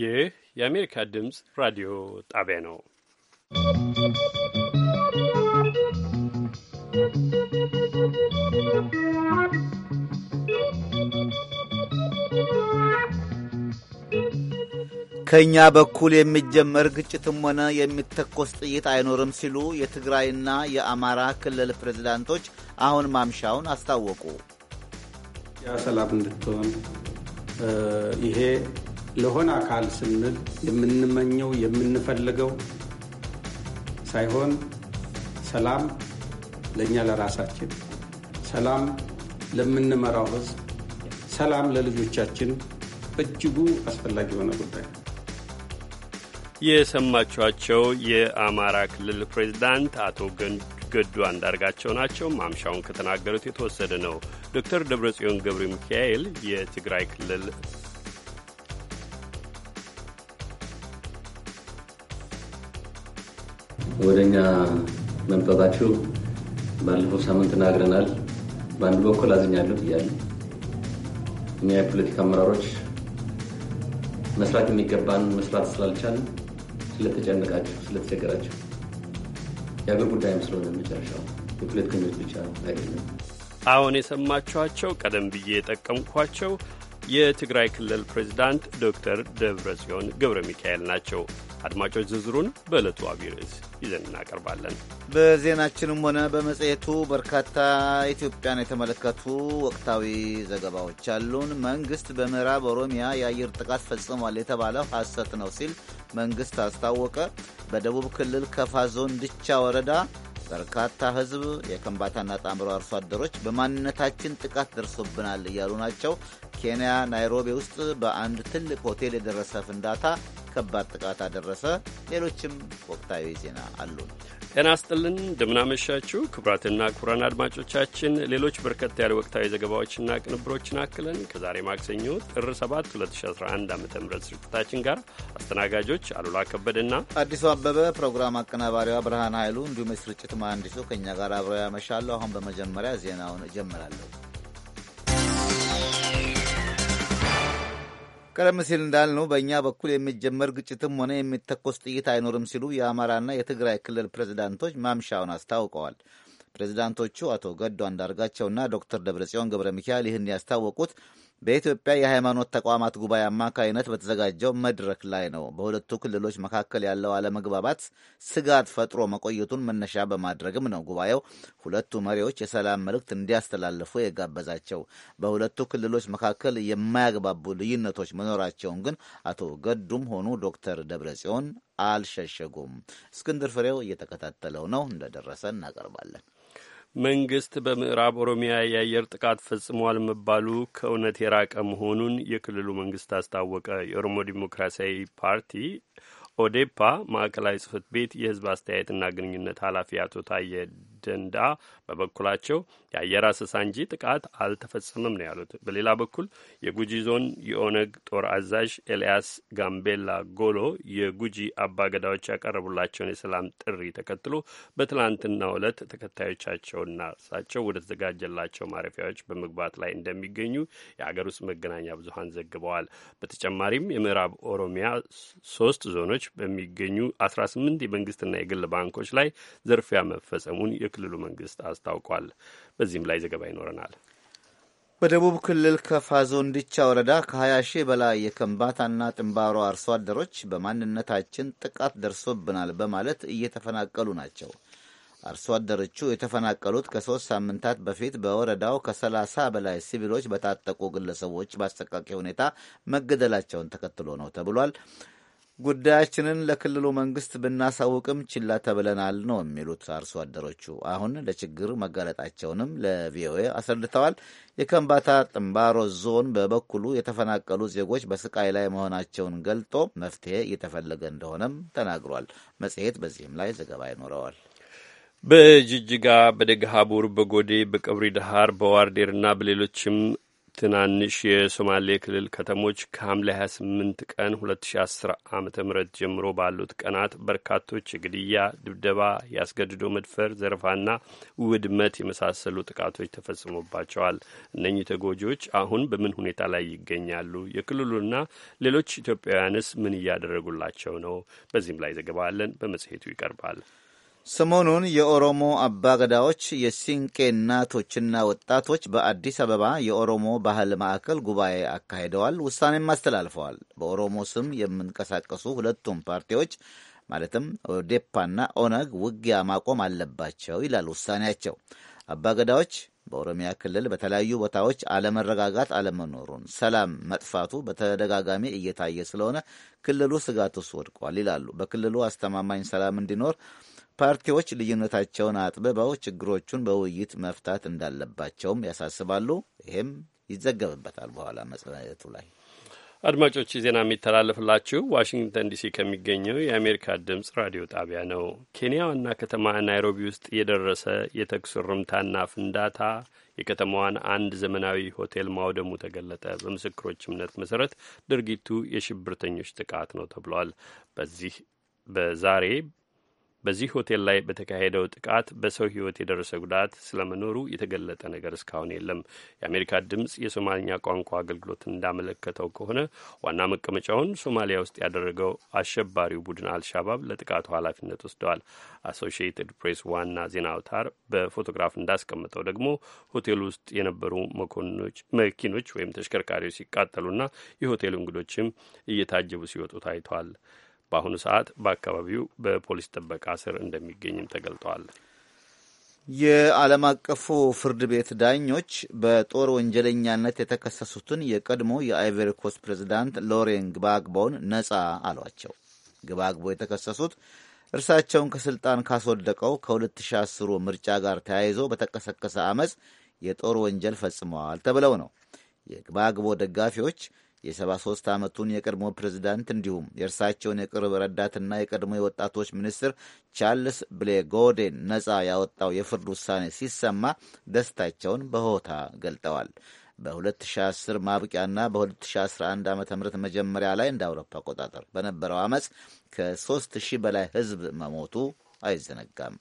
ይህ የአሜሪካ ድምፅ ራዲዮ ጣቢያ ነው። ከእኛ በኩል የሚጀመር ግጭትም ሆነ የሚተኮስ ጥይት አይኖርም ሲሉ የትግራይና የአማራ ክልል ፕሬዝዳንቶች አሁን ማምሻውን አስታወቁ። ያ ሰላም እንድትሆን ይሄ ለሆነ አካል ስንል የምንመኘው የምንፈልገው ሳይሆን ሰላም ለእኛ ለራሳችን፣ ሰላም ለምንመራው ህዝብ፣ ሰላም ለልጆቻችን እጅጉ አስፈላጊ የሆነ ጉዳይ ነው። የሰማችኋቸው የአማራ ክልል ፕሬዚዳንት አቶ ገዱ አንዳርጋቸው ናቸው። ማምሻውን ከተናገሩት የተወሰደ ነው። ዶክተር ደብረጽዮን ገብረ ሚካኤል የትግራይ ክልል ወደ እኛ መምጣታችሁ ባለፈው ሳምንት ተናግረናል። በአንድ በኩል አዝኛለሁ ብያለሁ። እኛ የፖለቲካ አመራሮች መስራት የሚገባን መስራት ስላልቻልን ስለተጨነቃችሁ፣ ስለተቸገራችሁ የአገር ጉዳይም ስለሆነ መጨረሻው የፖለቲከኞች ብቻ አይደለም። አሁን የሰማችኋቸው ቀደም ብዬ የጠቀምኳቸው የትግራይ ክልል ፕሬዚዳንት ዶክተር ደብረ ጽዮን ገብረ ሚካኤል ናቸው። አድማጮች ዝርዝሩን በዕለቱ አብይ ርዕስ ይዘን እናቀርባለን። በዜናችንም ሆነ በመጽሔቱ በርካታ ኢትዮጵያን የተመለከቱ ወቅታዊ ዘገባዎች አሉን። መንግሥት በምዕራብ ኦሮሚያ የአየር ጥቃት ፈጽሟል የተባለው ሐሰት ነው ሲል መንግሥት አስታወቀ። በደቡብ ክልል ከፋ ዞን ድቻ ወረዳ በርካታ ህዝብ የከንባታና ጣምሮ አርሶ አደሮች በማንነታችን ጥቃት ደርሶብናል እያሉ ናቸው። ኬንያ ናይሮቢ ውስጥ በአንድ ትልቅ ሆቴል የደረሰ ፍንዳታ ከባድ ጥቃት አደረሰ። ሌሎችም ወቅታዊ ዜና አሉ። ጤና ስጥልን እንደምናመሻችሁ ክቡራትና ክቡራን አድማጮቻችን ሌሎች በርከት ያለ ወቅታዊ ዘገባዎችና ቅንብሮችን አክለን ከዛሬ ማክሰኞ ጥር 7 2011 ዓ ም ስርጭታችን ጋር አስተናጋጆች አሉላ ከበደና አዲሱ አበበ፣ ፕሮግራም አቀናባሪዋ ብርሃን ኃይሉ እንዲሁም የስርጭት መሐንዲሱ ከእኛ ጋር አብረው ያመሻሉ። አሁን በመጀመሪያ ዜናውን እጀምራለሁ። ቀደም ሲል እንዳልነው በእኛ በኩል የሚጀመር ግጭትም ሆነ የሚተኮስ ጥይት አይኖርም ሲሉ የአማራና የትግራይ ክልል ፕሬዚዳንቶች ማምሻውን አስታውቀዋል። ፕሬዚዳንቶቹ አቶ ገዱ አንዳርጋቸውና ዶክተር ደብረጽዮን ገብረ ሚካኤል ይህን ያስታወቁት በኢትዮጵያ የሃይማኖት ተቋማት ጉባኤ አማካይነት በተዘጋጀው መድረክ ላይ ነው። በሁለቱ ክልሎች መካከል ያለው አለመግባባት ስጋት ፈጥሮ መቆየቱን መነሻ በማድረግም ነው ጉባኤው ሁለቱ መሪዎች የሰላም መልእክት እንዲያስተላልፉ የጋበዛቸው። በሁለቱ ክልሎች መካከል የማያግባቡ ልዩነቶች መኖራቸውን ግን አቶ ገዱም ሆኑ ዶክተር ደብረጽዮን አልሸሸጉም። እስክንድር ፍሬው እየተከታተለው ነው፣ እንደደረሰ እናቀርባለን። መንግስት በምዕራብ ኦሮሚያ የአየር ጥቃት ፈጽሟል መባሉ ከእውነት የራቀ መሆኑን የክልሉ መንግስት አስታወቀ። የኦሮሞ ዲሞክራሲያዊ ፓርቲ ኦዴፓ ማዕከላዊ ጽህፈት ቤት የህዝብ አስተያየትና ግንኙነት ኃላፊ አቶ ታየ ደንዳ በበኩላቸው የአየር አሰሳ እንጂ ጥቃት አልተፈጸመም ነው ያሉት። በሌላ በኩል የጉጂ ዞን የኦነግ ጦር አዛዥ ኤልያስ ጋምቤላ ጎሎ የጉጂ አባገዳዎች ያቀረቡላቸውን የሰላም ጥሪ ተከትሎ በትላንትናው ዕለት ተከታዮቻቸውና እርሳቸው ወደ ተዘጋጀላቸው ማረፊያዎች በመግባት ላይ እንደሚገኙ የአገር ውስጥ መገናኛ ብዙኃን ዘግበዋል። በተጨማሪም የምዕራብ ኦሮሚያ ሶስት ዞኖች በሚገኙ አስራ ስምንት የመንግስትና የግል ባንኮች ላይ ዘርፊያ መፈጸሙን የክልሉ መንግስት አስታውቋል። በዚህም ላይ ዘገባ ይኖረናል። በደቡብ ክልል ከፋ ዲቻ ወረዳ ከ20 ሺህ በላይ የከንባታና ጥንባሮ አርሶ አደሮች በማንነታችን ጥቃት ደርሶብናል በማለት እየተፈናቀሉ ናቸው። አርሶ አደሮቹ የተፈናቀሉት ከሶስት ሳምንታት በፊት በወረዳው ከ30 በላይ ሲቪሎች በታጠቁ ግለሰቦች በአሰቃቂ ሁኔታ መገደላቸውን ተከትሎ ነው ተብሏል። ጉዳያችንን ለክልሉ መንግስት ብናሳውቅም ችላ ተብለናል ነው የሚሉት አርሶ አደሮቹ። አሁን ለችግር መጋለጣቸውንም ለቪኦኤ አስረድተዋል። የከንባታ ጥምባሮ ዞን በበኩሉ የተፈናቀሉ ዜጎች በስቃይ ላይ መሆናቸውን ገልጦ መፍትሄ እየተፈለገ እንደሆነም ተናግሯል። መጽሔት በዚህም ላይ ዘገባ ይኖረዋል። በጅጅጋ፣ በደግሃቡር፣ በጎዴ፣ በቀብሪ ደሃር፣ በዋርዴርና በሌሎችም ትናንሽ የሶማሌ ክልል ከተሞች ከሐምሌ 28 ቀን 2010 ዓ ም ጀምሮ ባሉት ቀናት በርካቶች የግድያ፣ ድብደባ፣ ያስገድዶ መድፈር፣ ዘረፋና ውድመት የመሳሰሉ ጥቃቶች ተፈጽሞባቸዋል። እነኚህ ተጎጂዎች አሁን በምን ሁኔታ ላይ ይገኛሉ? የክልሉና ሌሎች ኢትዮጵያውያንስ ምን እያደረጉላቸው ነው? በዚህም ላይ ዘገባ አለን፣ በመጽሔቱ ይቀርባል። ሰሞኑን የኦሮሞ አባገዳዎች የሲንቄ እናቶችና ወጣቶች በአዲስ አበባ የኦሮሞ ባህል ማዕከል ጉባኤ አካሂደዋል፣ ውሳኔም አስተላልፈዋል። በኦሮሞ ስም የምንቀሳቀሱ ሁለቱም ፓርቲዎች ማለትም ኦዴፓና ኦነግ ውጊያ ማቆም አለባቸው ይላል ውሳኔያቸው። አባገዳዎች በኦሮሚያ ክልል በተለያዩ ቦታዎች አለመረጋጋት አለመኖሩን፣ ሰላም መጥፋቱ በተደጋጋሚ እየታየ ስለሆነ ክልሉ ስጋት ውስጥ ወድቋል ይላሉ። በክልሉ አስተማማኝ ሰላም እንዲኖር ፓርቲዎች ልዩነታቸውን አጥብበው ችግሮቹን በውይይት መፍታት እንዳለባቸውም ያሳስባሉ። ይህም ይዘገብበታል በኋላ መጽናቱ ላይ። አድማጮች ዜና የሚተላለፍላችሁ ዋሽንግተን ዲሲ ከሚገኘው የአሜሪካ ድምፅ ራዲዮ ጣቢያ ነው። ኬንያ ዋና ከተማ ናይሮቢ ውስጥ የደረሰ የተኩስ እርምታና ፍንዳታ የከተማዋን አንድ ዘመናዊ ሆቴል ማውደሙ ተገለጠ። በምስክሮች እምነት መሰረት ድርጊቱ የሽብርተኞች ጥቃት ነው ተብሏል። በዚህ በዛሬ በዚህ ሆቴል ላይ በተካሄደው ጥቃት በሰው ሕይወት የደረሰ ጉዳት ስለመኖሩ የተገለጠ ነገር እስካሁን የለም። የአሜሪካ ድምፅ የሶማልኛ ቋንቋ አገልግሎት እንዳመለከተው ከሆነ ዋና መቀመጫውን ሶማሊያ ውስጥ ያደረገው አሸባሪው ቡድን አልሻባብ ለጥቃቱ ኃላፊነት ወስደዋል። አሶሺየትድ ፕሬስ ዋና ዜና አውታር በፎቶግራፍ እንዳስቀምጠው ደግሞ ሆቴል ውስጥ የነበሩ መኮንኖች መኪኖች ወይም ተሽከርካሪዎች ሲቃጠሉና የሆቴሉ እንግዶችም እየታጀቡ ሲወጡ ታይቷል። በአሁኑ ሰዓት በአካባቢው በፖሊስ ጥበቃ ስር እንደሚገኝም ተገልጠዋል። የዓለም አቀፉ ፍርድ ቤት ዳኞች በጦር ወንጀለኛነት የተከሰሱትን የቀድሞ የአይቨሪ ኮስት ፕሬዚዳንት ሎሬን ግባግቦን ነፃ አሏቸው። ግባግቦ የተከሰሱት እርሳቸውን ከስልጣን ካስወደቀው ከ2010 ምርጫ ጋር ተያይዞ በተቀሰቀሰ አመፅ የጦር ወንጀል ፈጽመዋል ተብለው ነው። የግባግቦ ደጋፊዎች የ73 ዓመቱን የቀድሞ ፕሬዚዳንት እንዲሁም የእርሳቸውን የቅርብ ረዳትና የቀድሞ የወጣቶች ሚኒስትር ቻርልስ ብሌጎዴን ነፃ ያወጣው የፍርድ ውሳኔ ሲሰማ ደስታቸውን በሆታ ገልጠዋል። በ2010 ማብቂያና በ2011 ዓ ም መጀመሪያ ላይ እንደ አውሮፓ አቆጣጠር በነበረው አመፅ ከ3000 በላይ ህዝብ መሞቱ አይዘነጋም።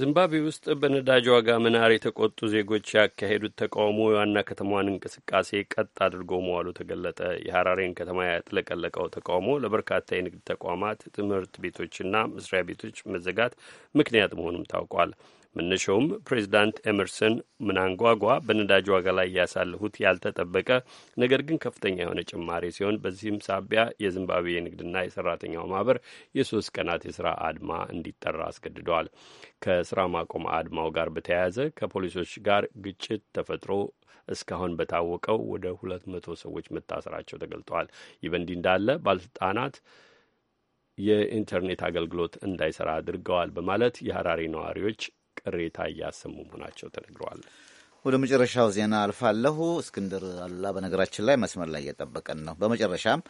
ዚምባብዌ ውስጥ በነዳጅ ዋጋ መናር የተቆጡ ዜጎች ያካሄዱት ተቃውሞ የዋና ከተማዋን እንቅስቃሴ ቀጥ አድርጎ መዋሉ ተገለጠ። የሐራሬን ከተማ ያጥለቀለቀው ተቃውሞ ለበርካታ የንግድ ተቋማት፣ ትምህርት ቤቶችና መስሪያ ቤቶች መዘጋት ምክንያት መሆኑም ታውቋል። መነሻውም ፕሬዚዳንት ኤመርሰን ምናንጓጓ በነዳጅ ዋጋ ላይ ያሳለፉት ያልተጠበቀ ነገር ግን ከፍተኛ የሆነ ጭማሪ ሲሆን በዚህም ሳቢያ የዚምባብዌ የንግድና የሰራተኛው ማህበር የሶስት ቀናት የስራ አድማ እንዲጠራ አስገድደዋል። ከስራ ማቆም አድማው ጋር በተያያዘ ከፖሊሶች ጋር ግጭት ተፈጥሮ እስካሁን በታወቀው ወደ ሁለት መቶ ሰዎች መታሰራቸው ተገልጠዋል። ይህ በእንዲህ እንዳለ ባለስልጣናት የኢንተርኔት አገልግሎት እንዳይሰራ አድርገዋል በማለት የሀራሪ ነዋሪዎች ቅሬታ እያሰሙ መሆናቸው ተነግረዋል። ወደ መጨረሻው ዜና አልፋለሁ። እስክንድር አሉላ በነገራችን ላይ መስመር ላይ እየጠበቀን ነው። በመጨረሻም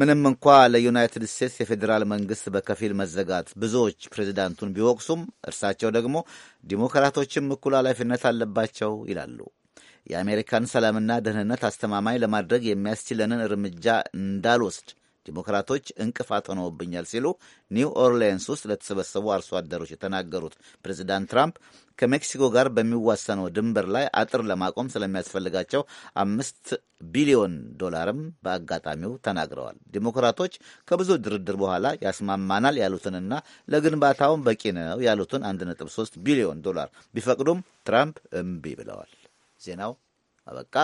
ምንም እንኳ ለዩናይትድ ስቴትስ የፌዴራል መንግስት በከፊል መዘጋት ብዙዎች ፕሬዚዳንቱን ቢወቅሱም እርሳቸው ደግሞ ዲሞክራቶችም እኩል ኃላፊነት አለባቸው ይላሉ። የአሜሪካን ሰላምና ደህንነት አስተማማኝ ለማድረግ የሚያስችለንን እርምጃ እንዳልወስድ ዲሞክራቶች እንቅፋት ሆነውብኛል ሲሉ ኒው ኦርሊንስ ውስጥ ለተሰበሰቡ አርሶ አደሮች የተናገሩት ፕሬዚዳንት ትራምፕ ከሜክሲኮ ጋር በሚዋሰነው ድንበር ላይ አጥር ለማቆም ስለሚያስፈልጋቸው አምስት ቢሊዮን ዶላርም በአጋጣሚው ተናግረዋል። ዲሞክራቶች ከብዙ ድርድር በኋላ ያስማማናል ያሉትንና ለግንባታውን በቂ ነው ያሉትን 1.3 ቢሊዮን ዶላር ቢፈቅዱም ትራምፕ እምቢ ብለዋል። ዜናው አበቃ።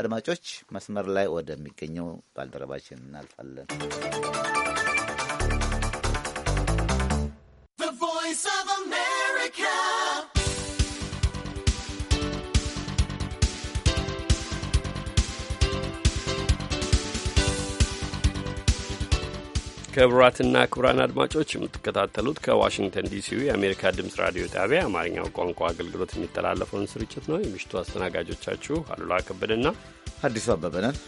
አድማጮች መስመር ላይ ወደሚገኘው ባልደረባችን እናልፋለን። ክቡራትና ክቡራን አድማጮች የምትከታተሉት ከዋሽንግተን ዲሲው የአሜሪካ ድምፅ ራዲዮ ጣቢያ አማርኛው ቋንቋ አገልግሎት የሚተላለፈውን ስርጭት ነው። የምሽቱ አስተናጋጆቻችሁ አሉላ ከበደና አዲሱ አበበ በአለም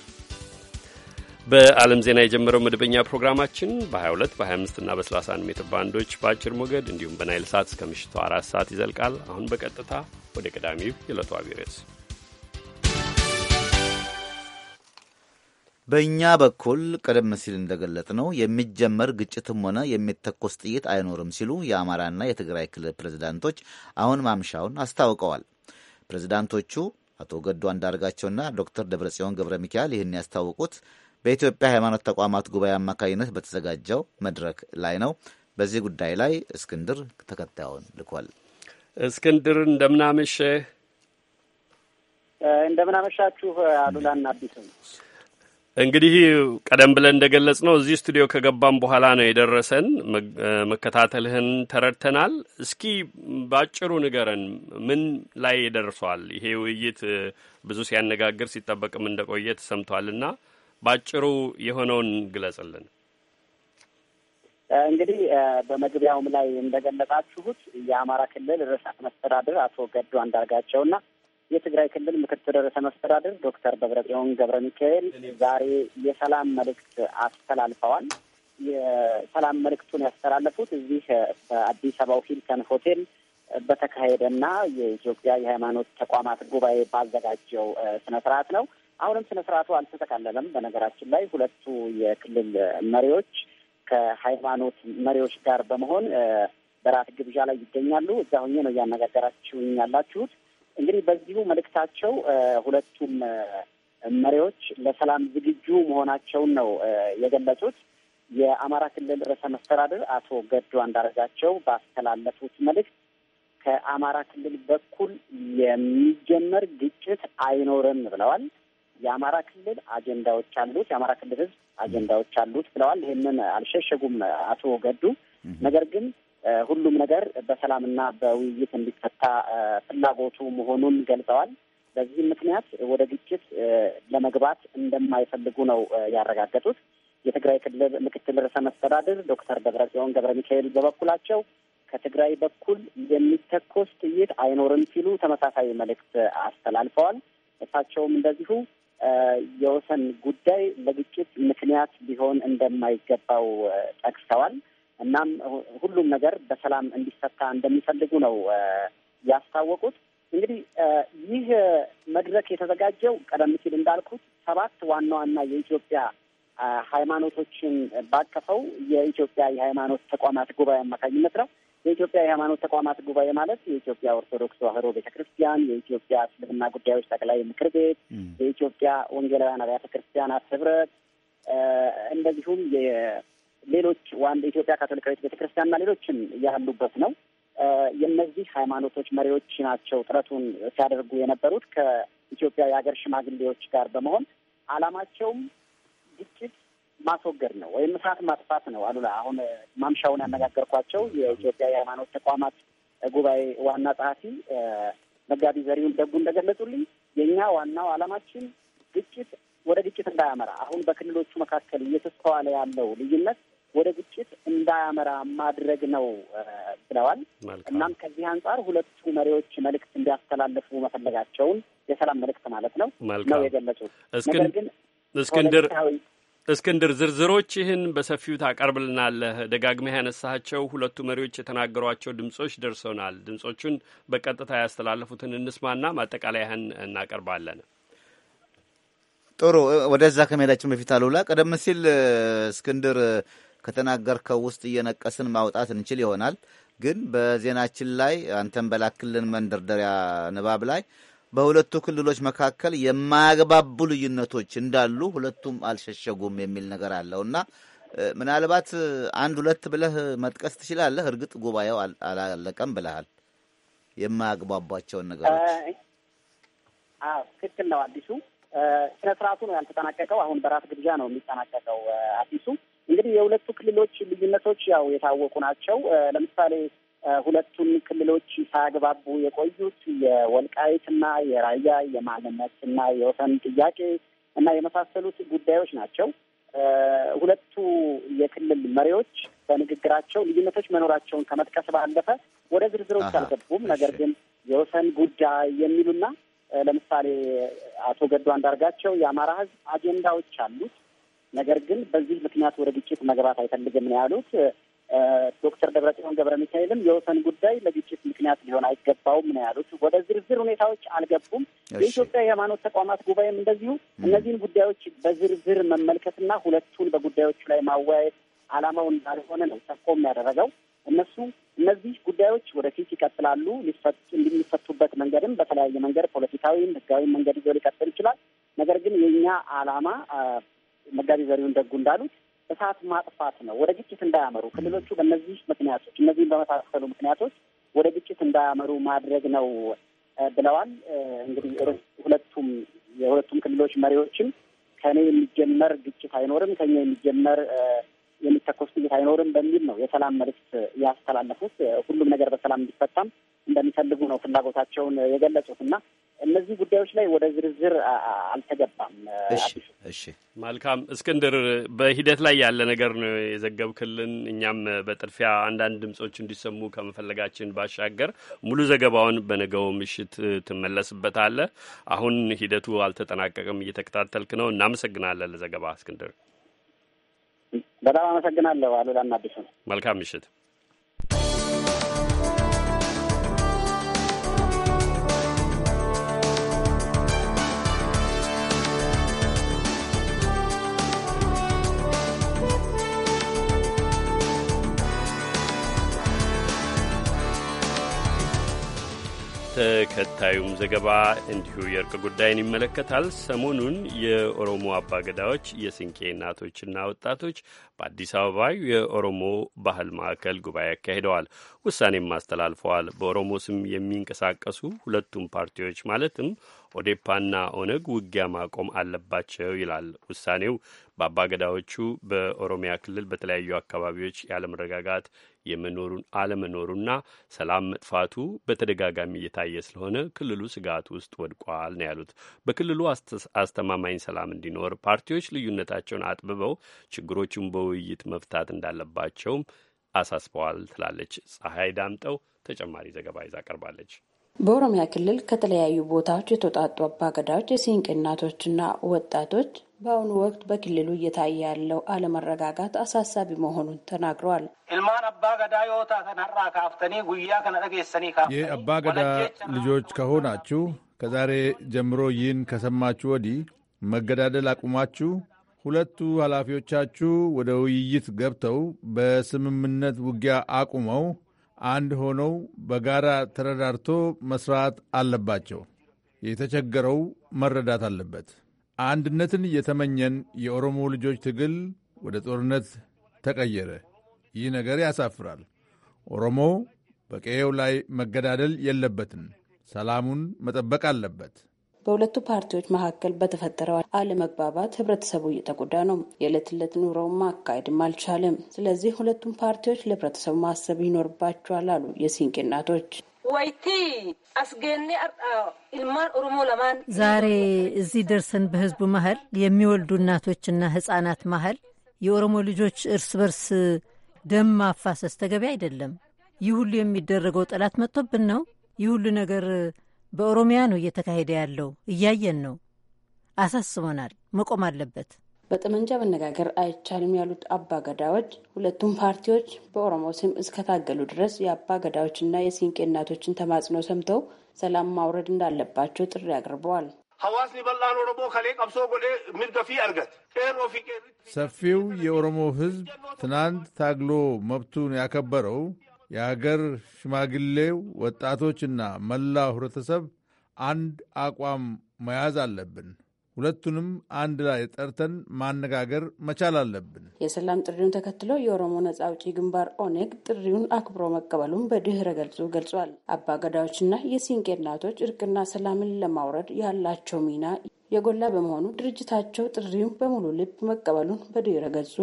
በዓለም ዜና የጀመረው መደበኛ ፕሮግራማችን በ22 በ25 እና በ31 ሜትር ባንዶች በአጭር ሞገድ እንዲሁም በናይል ሳት እስከ ምሽቱ አራት ሰዓት ይዘልቃል። አሁን በቀጥታ ወደ ቀዳሚው የዕለቱ አቢሬስ በእኛ በኩል ቀደም ሲል እንደገለጥ ነው የሚጀመር ግጭትም ሆነ የሚተኮስ ጥይት አይኖርም ሲሉ የአማራና የትግራይ ክልል ፕሬዚዳንቶች አሁን ማምሻውን አስታውቀዋል። ፕሬዚዳንቶቹ አቶ ገዱ አንዳርጋቸውና ዶክተር ደብረጽዮን ገብረ ሚካኤል ይህን ያስታወቁት በኢትዮጵያ ሃይማኖት ተቋማት ጉባኤ አማካኝነት በተዘጋጀው መድረክ ላይ ነው። በዚህ ጉዳይ ላይ እስክንድር ተከታዩን ልኳል። እስክንድር እንደምናመሸ እንደምናመሻችሁ አሉላና አዲስም እንግዲህ ቀደም ብለን እንደገለጽ ነው እዚህ ስቱዲዮ ከገባም በኋላ ነው የደረሰን። መከታተልህን ተረድተናል። እስኪ ባጭሩ ንገረን፣ ምን ላይ ደርሷል ይሄ ውይይት? ብዙ ሲያነጋግር ሲጠበቅም እንደቆየ ተሰምቷልና ባጭሩ የሆነውን ግለጽልን። እንግዲህ በመግቢያውም ላይ እንደገለጻችሁት የአማራ ክልል ርዕሰ መስተዳድር አቶ ገዱ አንዳርጋቸውና የትግራይ ክልል ምክትል ርዕሰ መስተዳድር ዶክተር ደብረጽዮን ገብረ ሚካኤል ዛሬ የሰላም መልእክት አስተላልፈዋል። የሰላም መልእክቱን ያስተላለፉት እዚህ በአዲስ አበባው ሂልተን ሆቴል በተካሄደና የኢትዮጵያ የሃይማኖት ተቋማት ጉባኤ ባዘጋጀው ስነ ስርዓት ነው። አሁንም ስነ ስርዓቱ አልተጠቃለለም። በነገራችን ላይ ሁለቱ የክልል መሪዎች ከሃይማኖት መሪዎች ጋር በመሆን በራት ግብዣ ላይ ይገኛሉ። እዛ ሁኜ ነው እያነጋገራችሁኝ ያላችሁት። እንግዲህ በዚሁ መልእክታቸው ሁለቱም መሪዎች ለሰላም ዝግጁ መሆናቸውን ነው የገለጹት። የአማራ ክልል ርዕሰ መስተዳድር አቶ ገዱ አንዳርጋቸው ባስተላለፉት መልእክት ከአማራ ክልል በኩል የሚጀመር ግጭት አይኖርም ብለዋል። የአማራ ክልል አጀንዳዎች አሉት፣ የአማራ ክልል ሕዝብ አጀንዳዎች አሉት ብለዋል። ይህንን አልሸሸጉም አቶ ገዱ። ነገር ግን ሁሉም ነገር በሰላምና በውይይት እንዲፈታ ፍላጎቱ መሆኑን ገልጸዋል። በዚህም ምክንያት ወደ ግጭት ለመግባት እንደማይፈልጉ ነው ያረጋገጡት። የትግራይ ክልል ምክትል ርዕሰ መስተዳድር ዶክተር ደብረጽዮን ገብረ ሚካኤል በበኩላቸው ከትግራይ በኩል የሚተኮስ ጥይት አይኖርም ሲሉ ተመሳሳይ መልእክት አስተላልፈዋል። እሳቸውም እንደዚሁ የወሰን ጉዳይ ለግጭት ምክንያት ሊሆን እንደማይገባው ጠቅሰዋል። እናም ሁሉም ነገር በሰላም እንዲፈታ እንደሚፈልጉ ነው ያስታወቁት። እንግዲህ ይህ መድረክ የተዘጋጀው ቀደም ሲል እንዳልኩት ሰባት ዋና ዋና የኢትዮጵያ ሃይማኖቶችን ባቀፈው የኢትዮጵያ የሃይማኖት ተቋማት ጉባኤ አማካኝነት ነው። የኢትዮጵያ የሃይማኖት ተቋማት ጉባኤ ማለት የኢትዮጵያ ኦርቶዶክስ ተዋሕዶ ቤተ ክርስቲያን፣ የኢትዮጵያ እስልምና ጉዳዮች ጠቅላይ ምክር ቤት፣ የኢትዮጵያ ወንጌላውያን አብያተ ክርስቲያናት ህብረት እንደዚሁም ሌሎች ዋን ኢትዮጵያ ካቶሊካዊት ቤተክርስቲያንና ሌሎችም ያሉበት ነው። የእነዚህ ሃይማኖቶች መሪዎች ናቸው ጥረቱን ሲያደርጉ የነበሩት ከኢትዮጵያ የሀገር ሽማግሌዎች ጋር በመሆን አላማቸውም ግጭት ማስወገድ ነው ወይም እሳት ማጥፋት ነው። አሉላ አሁን ማምሻውን ያነጋገርኳቸው የኢትዮጵያ የሃይማኖት ተቋማት ጉባኤ ዋና ጸሐፊ መጋቢ ዘሪሁን ደጉ እንደገለጹልኝ የእኛ ዋናው አላማችን ግጭት ወደ ግጭት እንዳያመራ አሁን በክልሎቹ መካከል እየተስተዋለ ያለው ልዩነት ወደ ግጭት እንዳያመራ ማድረግ ነው ብለዋል። እናም ከዚህ አንጻር ሁለቱ መሪዎች መልእክት እንዲያስተላልፉ መፈለጋቸውን የሰላም መልእክት ማለት ነው ነው የገለጹት። ነገር ግን እስክንድር እስክንድር ዝርዝሮች ይህን በሰፊው ታቀርብልናለህ። ደጋግመህ ያነሳቸው ሁለቱ መሪዎች የተናገሯቸው ድምጾች ደርሰናል። ድምጾቹን በቀጥታ ያስተላለፉትን እንስማና ማጠቃለያ ያህን እናቀርባለን። ጥሩ። ወደዛ ከመሄዳችን በፊት አሉላ ቀደም ሲል እስክንድር ከተናገርከው ውስጥ እየነቀስን ማውጣት እንችል ይሆናል። ግን በዜናችን ላይ አንተን በላክልን መንደርደሪያ ንባብ ላይ በሁለቱ ክልሎች መካከል የማያግባቡ ልዩነቶች እንዳሉ ሁለቱም አልሸሸጉም የሚል ነገር አለው እና ምናልባት አንድ ሁለት ብለህ መጥቀስ ትችላለህ። እርግጥ ጉባኤው አላለቀም ብለሃል። የማያግባቧቸውን ነገሮች ትክክል ነው። አዲሱ ስነ ስርዓቱ ነው ያልተጠናቀቀው። አሁን በራት ግብዣ ነው የሚጠናቀቀው አዲሱ እንግዲህ የሁለቱ ክልሎች ልዩነቶች ያው የታወቁ ናቸው። ለምሳሌ ሁለቱን ክልሎች ሳያግባቡ የቆዩት የወልቃይትና የራያ የማንነት እና የወሰን ጥያቄ እና የመሳሰሉት ጉዳዮች ናቸው። ሁለቱ የክልል መሪዎች በንግግራቸው ልዩነቶች መኖራቸውን ከመጥቀስ ባለፈ ወደ ዝርዝሮች አልገቡም። ነገር ግን የወሰን ጉዳይ የሚሉና ለምሳሌ አቶ ገዱ አንዳርጋቸው የአማራ ሕዝብ አጀንዳዎች አሉት ነገር ግን በዚህ ምክንያት ወደ ግጭት መግባት አይፈልግም ነው ያሉት። ዶክተር ደብረጽዮን ገብረ ሚካኤልም የወሰን ጉዳይ ለግጭት ምክንያት ሊሆን አይገባውም ነው ያሉት። ወደ ዝርዝር ሁኔታዎች አልገቡም። የኢትዮጵያ የሃይማኖት ተቋማት ጉባኤም እንደዚሁ እነዚህን ጉዳዮች በዝርዝር መመልከትና ሁለቱን በጉዳዮቹ ላይ ማወያየት ዓላማው እንዳልሆነ ነው ጠቆም ያደረገው። እነሱ እነዚህ ጉዳዮች ወደፊት ይቀጥላሉ። የሚፈቱበት መንገድም በተለያየ መንገድ ፖለቲካዊም፣ ህጋዊም መንገድ ይዘው ሊቀጥል ይችላል። ነገር ግን የእኛ ዓላማ መጋቢ ዘሪሁን ደጉ እንዳሉት እሳት ማጥፋት ነው። ወደ ግጭት እንዳያመሩ ክልሎቹ በእነዚህ ምክንያቶች እነዚህም በመሳሰሉ ምክንያቶች ወደ ግጭት እንዳያመሩ ማድረግ ነው ብለዋል። እንግዲህ ሁለቱም የሁለቱም ክልሎች መሪዎችም ከእኔ የሚጀመር ግጭት አይኖርም፣ ከኛ የሚጀመር የሚተኮስ ግጭት አይኖርም በሚል ነው የሰላም መልእክት ያስተላለፉት። ሁሉም ነገር በሰላም እንዲፈታም እንደሚፈልጉ ነው ፍላጎታቸውን የገለጹት እና እነዚህ ጉዳዮች ላይ ወደ ዝርዝር አልተገባም። እሺ፣ መልካም እስክንድር፣ በሂደት ላይ ያለ ነገር ነው የዘገብክልን። እኛም በጥድፊያ አንዳንድ ድምጾች እንዲሰሙ ከመፈለጋችን ባሻገር ሙሉ ዘገባውን በነገው ምሽት ትመለስበታለህ። አሁን ሂደቱ አልተጠናቀቅም፣ እየተከታተልክ ነው። እናመሰግናለን ለዘገባ እስክንድር። በጣም አመሰግናለሁ አሉላና አዲሱ። መልካም ምሽት። ተከታዩም ዘገባ እንዲሁ የእርቅ ጉዳይን ይመለከታል። ሰሞኑን የኦሮሞ አባገዳዎች የስንቄ እናቶችና ወጣቶች በአዲስ አበባ የኦሮሞ ባህል ማዕከል ጉባኤ አካሂደዋል፣ ውሳኔም አስተላልፈዋል። በኦሮሞ ስም የሚንቀሳቀሱ ሁለቱም ፓርቲዎች ማለትም ኦዴፓና ኦነግ ውጊያ ማቆም አለባቸው ይላል ውሳኔው። በአባገዳዎቹ በኦሮሚያ ክልል በተለያዩ አካባቢዎች ያለመረጋጋት የመኖሩን አለመኖሩና ሰላም መጥፋቱ በተደጋጋሚ እየታየ ስለሆነ ክልሉ ስጋት ውስጥ ወድቋል ነው ያሉት። በክልሉ አስተማማኝ ሰላም እንዲኖር ፓርቲዎች ልዩነታቸውን አጥብበው ችግሮቹን በውይይት መፍታት እንዳለባቸውም አሳስበዋል ትላለች። ፀሐይ ዳምጠው ተጨማሪ ዘገባ ይዛ ቀርባለች። በኦሮሚያ ክልል ከተለያዩ ቦታዎች የተውጣጡ አባገዳዎች የሲንቄ እናቶችና ወጣቶች በአሁኑ ወቅት በክልሉ እየታየ ያለው አለመረጋጋት አሳሳቢ መሆኑን ተናግረዋል። ልማን አባገዳ ዮታ ከነራ ካፍተኒ ጉያ ከነጠጌሰኒ የአባገዳ ልጆች ከሆናችሁ ከዛሬ ጀምሮ ይህን ከሰማችሁ ወዲህ መገዳደል አቁማችሁ ሁለቱ ኃላፊዎቻችሁ ወደ ውይይት ገብተው በስምምነት ውጊያ አቁመው አንድ ሆነው በጋራ ተረዳርቶ መስራት አለባቸው። የተቸገረው መረዳት አለበት። አንድነትን እየተመኘን የኦሮሞ ልጆች ትግል ወደ ጦርነት ተቀየረ። ይህ ነገር ያሳፍራል። ኦሮሞ በቀየው ላይ መገዳደል የለበትም። ሰላሙን መጠበቅ አለበት። በሁለቱ ፓርቲዎች መካከል በተፈጠረው አለመግባባት ህብረተሰቡ እየተጎዳ ነው። የዕለት ዕለት ኑሮውን ማካሄድም አልቻለም። ስለዚህ ሁለቱም ፓርቲዎች ለህብረተሰቡ ማሰብ ይኖርባቸዋል አሉ የሲንቄ እናቶች። ወይቲ ኦሮሞ ለማን ዛሬ እዚህ ደርሰን በህዝቡ መሀል የሚወልዱ እናቶችና ህጻናት መሀል የኦሮሞ ልጆች እርስ በርስ ደም ማፋሰስ ተገቢ አይደለም። ይህ ሁሉ የሚደረገው ጠላት መጥቶብን ነው። ይህ ሁሉ ነገር በኦሮሚያ ነው እየተካሄደ ያለው። እያየን ነው። አሳስቦናል። መቆም አለበት። በጠመንጃ መነጋገር አይቻልም ያሉት አባ ገዳዎች ሁለቱም ፓርቲዎች በኦሮሞ ስም እስከታገሉ ድረስ የአባ ገዳዎችና የሲንቄ እናቶችን ተማጽኖ ሰምተው ሰላም ማውረድ እንዳለባቸው ጥሪ አቅርበዋል። ሀዋስኒ በላን ኦሮሞ ከሌ ቀብሶ ጎዴ አርገት ሰፊው የኦሮሞ ሕዝብ ትናንት ታግሎ መብቱን ያከበረው የአገር ሽማግሌው፣ ወጣቶችና መላው ህብረተሰብ አንድ አቋም መያዝ አለብን። ሁለቱንም አንድ ላይ ጠርተን ማነጋገር መቻል አለብን። የሰላም ጥሪውን ተከትሎ የኦሮሞ ነጻ አውጪ ግንባር ኦኔግ ጥሪውን አክብሮ መቀበሉን በድህረ ገልጹ ገልጿል። አባ ገዳዎችና የሲንቄ እናቶች እርቅና ሰላምን ለማውረድ ያላቸው ሚና የጎላ በመሆኑ ድርጅታቸው ጥሪውን በሙሉ ልብ መቀበሉን በድህረ ገጹ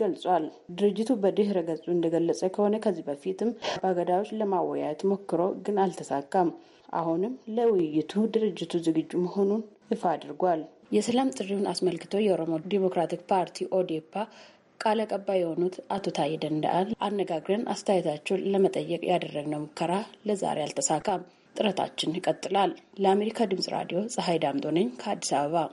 ገልጿል። ድርጅቱ በድህረ ገጹ እንደገለጸ ከሆነ ከዚህ በፊትም አባገዳዮች ለማወያየት ሞክሮ ግን አልተሳካም። አሁንም ለውይይቱ ድርጅቱ ዝግጁ መሆኑን ይፋ አድርጓል። የሰላም ጥሪውን አስመልክቶ የኦሮሞ ዲሞክራቲክ ፓርቲ ኦዴፓ ቃል አቀባይ የሆኑት አቶ ታዬ ደንደአን አነጋግረን አስተያየታቸውን ለመጠየቅ ያደረግነው ሙከራ ለዛሬ አልተሳካም። ጥረታችን ይቀጥላል። ለአሜሪካ ድምጽ ራዲዮ ፀሐይ ዳምጦ ነኝ ከአዲስ አበባ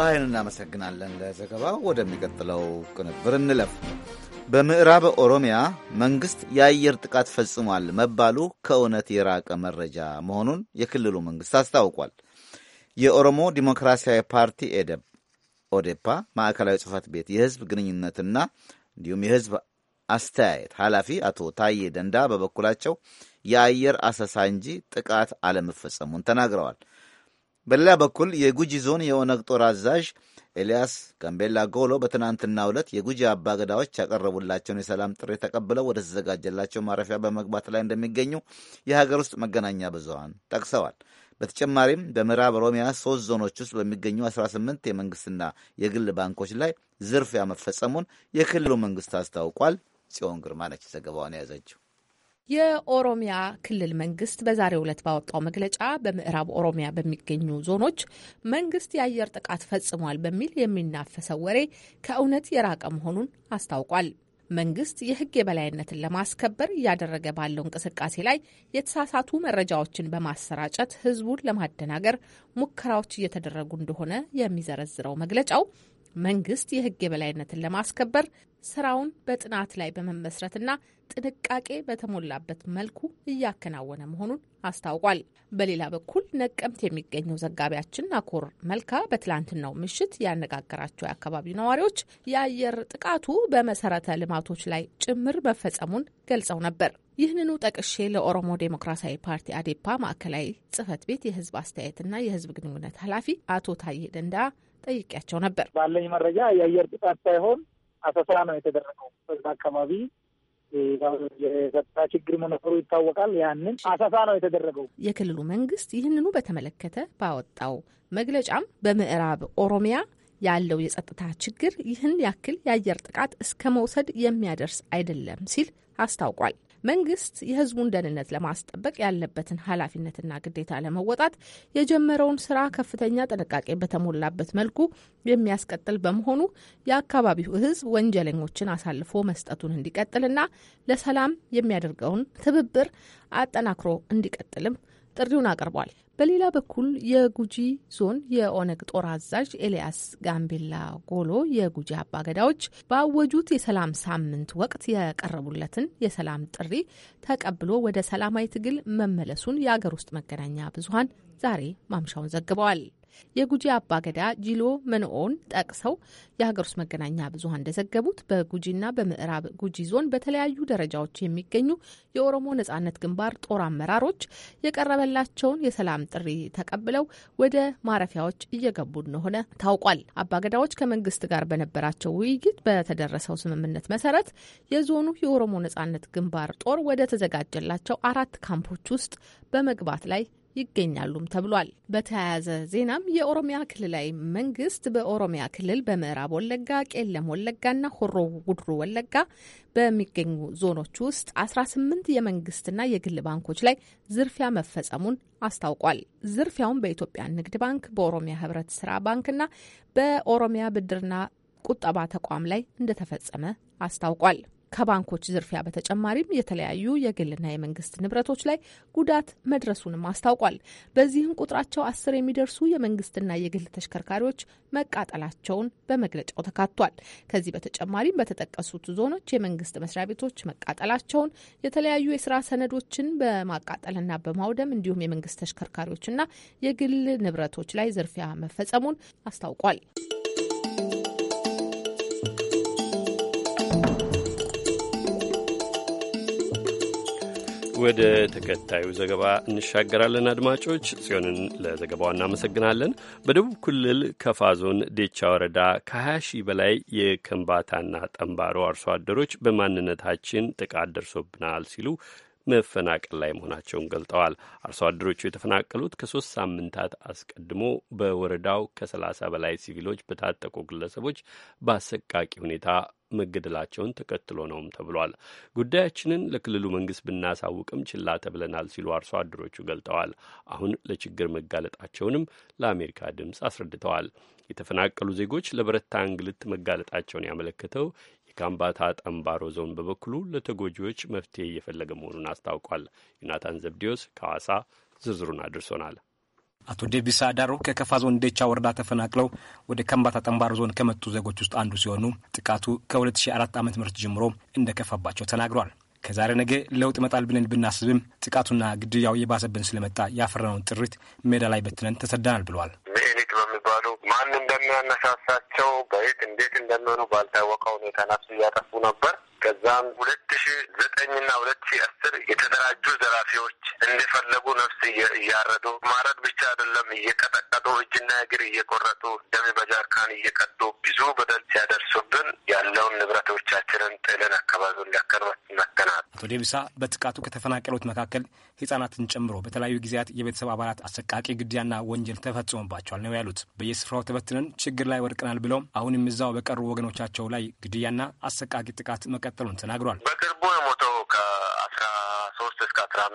ፀሐይን እናመሰግናለን ለዘገባው። ወደሚቀጥለው ቅንብር እንለፍ። በምዕራብ ኦሮሚያ መንግሥት የአየር ጥቃት ፈጽሟል መባሉ ከእውነት የራቀ መረጃ መሆኑን የክልሉ መንግሥት አስታውቋል። የኦሮሞ ዲሞክራሲያዊ ፓርቲ ኤደብ ኦዴፓ ማዕከላዊ ጽህፈት ቤት የህዝብ ግንኙነትና እንዲሁም የህዝብ አስተያየት ኃላፊ አቶ ታዬ ደንዳ በበኩላቸው የአየር አሰሳ እንጂ ጥቃት አለመፈጸሙን ተናግረዋል። በሌላ በኩል የጉጂ ዞን የኦነግ ጦር አዛዥ ኤልያስ ጋምቤላ ጎሎ በትናንትና ዕለት የጉጂ አባገዳዎች ያቀረቡላቸውን የሰላም ጥሪ ተቀብለው ወደ ተዘጋጀላቸው ማረፊያ በመግባት ላይ እንደሚገኙ የሀገር ውስጥ መገናኛ ብዙሃን ጠቅሰዋል። በተጨማሪም በምዕራብ ኦሮሚያ ሶስት ዞኖች ውስጥ በሚገኙ 18 የመንግስትና የግል ባንኮች ላይ ዝርፊያ መፈጸሙን የክልሉ መንግስት አስታውቋል። ጽዮን ግርማ ነች ዘገባውን የያዘችው። የኦሮሚያ ክልል መንግስት በዛሬው ዕለት ባወጣው መግለጫ በምዕራብ ኦሮሚያ በሚገኙ ዞኖች መንግስት የአየር ጥቃት ፈጽሟል በሚል የሚናፈሰው ወሬ ከእውነት የራቀ መሆኑን አስታውቋል። መንግስት የህግ የበላይነትን ለማስከበር እያደረገ ባለው እንቅስቃሴ ላይ የተሳሳቱ መረጃዎችን በማሰራጨት ህዝቡን ለማደናገር ሙከራዎች እየተደረጉ እንደሆነ የሚዘረዝረው መግለጫው መንግስት የህግ የበላይነትን ለማስከበር ስራውን በጥናት ላይ በመመስረትና ጥንቃቄ በተሞላበት መልኩ እያከናወነ መሆኑን አስታውቋል። በሌላ በኩል ነቀምት የሚገኘው ዘጋቢያችን አኮር መልካ በትላንትናው ምሽት ያነጋገራቸው የአካባቢው ነዋሪዎች የአየር ጥቃቱ በመሰረተ ልማቶች ላይ ጭምር መፈጸሙን ገልጸው ነበር። ይህንኑ ጠቅሼ ለኦሮሞ ዴሞክራሲያዊ ፓርቲ አዴፓ ማዕከላዊ ጽህፈት ቤት የህዝብ አስተያየትና የህዝብ ግንኙነት ኃላፊ አቶ ታዬ ደንዳ ጠይቄያቸው ነበር። ባለኝ መረጃ የአየር ጥቃት ሳይሆን አሰሳ ነው የተደረገው። በዛ አካባቢ የጸጥታ ችግር መኖሩ ይታወቃል። ያንን አሰሳ ነው የተደረገው። የክልሉ መንግስት ይህንኑ በተመለከተ ባወጣው መግለጫም በምዕራብ ኦሮሚያ ያለው የጸጥታ ችግር ይህን ያክል የአየር ጥቃት እስከ መውሰድ የሚያደርስ አይደለም ሲል አስታውቋል። መንግስት የህዝቡን ደህንነት ለማስጠበቅ ያለበትን ኃላፊነትና ግዴታ ለመወጣት የጀመረውን ስራ ከፍተኛ ጥንቃቄ በተሞላበት መልኩ የሚያስቀጥል በመሆኑ የአካባቢው ህዝብ ወንጀለኞችን አሳልፎ መስጠቱን እንዲቀጥልና ለሰላም የሚያደርገውን ትብብር አጠናክሮ እንዲቀጥልም ጥሪውን አቅርቧል። በሌላ በኩል የጉጂ ዞን የኦነግ ጦር አዛዥ ኤልያስ ጋምቤላ ጎሎ የጉጂ አባገዳዎች ባወጁት የሰላም ሳምንት ወቅት የቀረቡለትን የሰላም ጥሪ ተቀብሎ ወደ ሰላማዊ ትግል መመለሱን የአገር ውስጥ መገናኛ ብዙኃን ዛሬ ማምሻውን ዘግበዋል። የጉጂ አባገዳ ጂሎ መንኦን ጠቅሰው የሀገር ውስጥ መገናኛ ብዙኃን እንደዘገቡት በጉጂና በምዕራብ ጉጂ ዞን በተለያዩ ደረጃዎች የሚገኙ የኦሮሞ ነጻነት ግንባር ጦር አመራሮች የቀረበላቸውን የሰላም ጥሪ ተቀብለው ወደ ማረፊያዎች እየገቡ እንደሆነ ታውቋል። አባገዳዎች ከመንግስት ጋር በነበራቸው ውይይት በተደረሰው ስምምነት መሰረት የዞኑ የኦሮሞ ነጻነት ግንባር ጦር ወደ ተዘጋጀላቸው አራት ካምፖች ውስጥ በመግባት ላይ ይገኛሉም ተብሏል። በተያያዘ ዜናም የኦሮሚያ ክልላዊ መንግስት በኦሮሚያ ክልል በምዕራብ ወለጋ፣ ቄለም ወለጋና ሆሮ ጉድሩ ወለጋ በሚገኙ ዞኖች ውስጥ 18 የመንግስትና የግል ባንኮች ላይ ዝርፊያ መፈጸሙን አስታውቋል። ዝርፊያውን በኢትዮጵያ ንግድ ባንክ፣ በኦሮሚያ ህብረት ስራ ባንክና በኦሮሚያ ብድርና ቁጠባ ተቋም ላይ እንደተፈጸመ አስታውቋል። ከባንኮች ዝርፊያ በተጨማሪም የተለያዩ የግልና የመንግስት ንብረቶች ላይ ጉዳት መድረሱንም አስታውቋል። በዚህም ቁጥራቸው አስር የሚደርሱ የመንግስትና የግል ተሽከርካሪዎች መቃጠላቸውን በመግለጫው ተካቷል። ከዚህ በተጨማሪም በተጠቀሱት ዞኖች የመንግስት መስሪያ ቤቶች መቃጠላቸውን፣ የተለያዩ የስራ ሰነዶችን በማቃጠልና በማውደም እንዲሁም የመንግስት ተሽከርካሪዎችና የግል ንብረቶች ላይ ዝርፊያ መፈጸሙን አስታውቋል። ወደ ተከታዩ ዘገባ እንሻገራለን። አድማጮች ጽዮንን ለዘገባው እናመሰግናለን። በደቡብ ክልል ከፋ ዞን ዴቻ ወረዳ ከ20 ሺህ በላይ የከንባታና ጠንባሮ አርሶ አደሮች በማንነታችን ጥቃት ደርሶብናል ሲሉ መፈናቀል ላይ መሆናቸውን ገልጠዋል። አርሶ አደሮቹ የተፈናቀሉት ከሶስት ሳምንታት አስቀድሞ በወረዳው ከሰላሳ በላይ ሲቪሎች በታጠቁ ግለሰቦች በአሰቃቂ ሁኔታ መገደላቸውን ተከትሎ ነውም ተብሏል። ጉዳያችንን ለክልሉ መንግስት ብናሳውቅም ችላ ተብለናል ሲሉ አርሶ አደሮቹ ገልጠዋል። አሁን ለችግር መጋለጣቸውንም ለአሜሪካ ድምፅ አስረድተዋል። የተፈናቀሉ ዜጎች ለበረታ እንግልት መጋለጣቸውን ያመለከተው የካምባታ ጠምባሮ ዞን በበኩሉ ለተጎጂዎች መፍትሄ እየፈለገ መሆኑን አስታውቋል። ዩናታን ዘብዲዮስ ከሐዋሳ ዝርዝሩን አድርሶናል። አቶ ደቢሳ ዳሮ ከከፋ ዞን ደቻ ወረዳ ተፈናቅለው ወደ ከምባታ ጠንባሮ ዞን ከመጡ ዜጎች ውስጥ አንዱ ሲሆኑ ጥቃቱ ከ2004 ዓ.ም ጀምሮ እንደከፋባቸው ተናግሯል። ከዛሬ ነገ ለውጥ መጣል ብለን ብናስብም ጥቃቱና ግድያው የባሰብን ስለመጣ ያፈረነውን ጥሪት ሜዳ ላይ በትነን ተሰዳናል ብሏል። ምኒልክ በሚባሉ ማን እንደሚያነሳሳቸው በየት እንዴት እንደሚሆኑ ባልታወቀ ሁኔታ ነፍስ እያጠፉ ነበር። ከዛም ሁለት ሺ ዘጠኝና ሁለት ሺ አስር የተደራጁ ዘራፊዎች እንደፈለጉ ነፍስ እያረዱ ማረድ ብቻ አይደለም እየቀጠቀጡ እጅና እግር እየቆረጡ ደም በጃርካን እየቀጡ ብዙ በደል ሲያደርሱብን ያለውን ንብረቶቻችንን ጥልን አካባቢውን ሊያከርበት መተናል። አቶ ደቢሳ በጥቃቱ ከተፈናቀሉት መካከል ህጻናትን ጨምሮ በተለያዩ ጊዜያት የቤተሰብ አባላት አሰቃቂ ግድያና ወንጀል ተፈጽሞባቸዋል ነው ያሉት። በየስፍራው ተበትነን ችግር ላይ ወድቀናል ብለው አሁንም እዛው በቀሩ ወገኖቻቸው ላይ ግድያና አሰቃቂ ጥቃት መቀጠሉን ተናግሯል። በቅርቡ የሞተው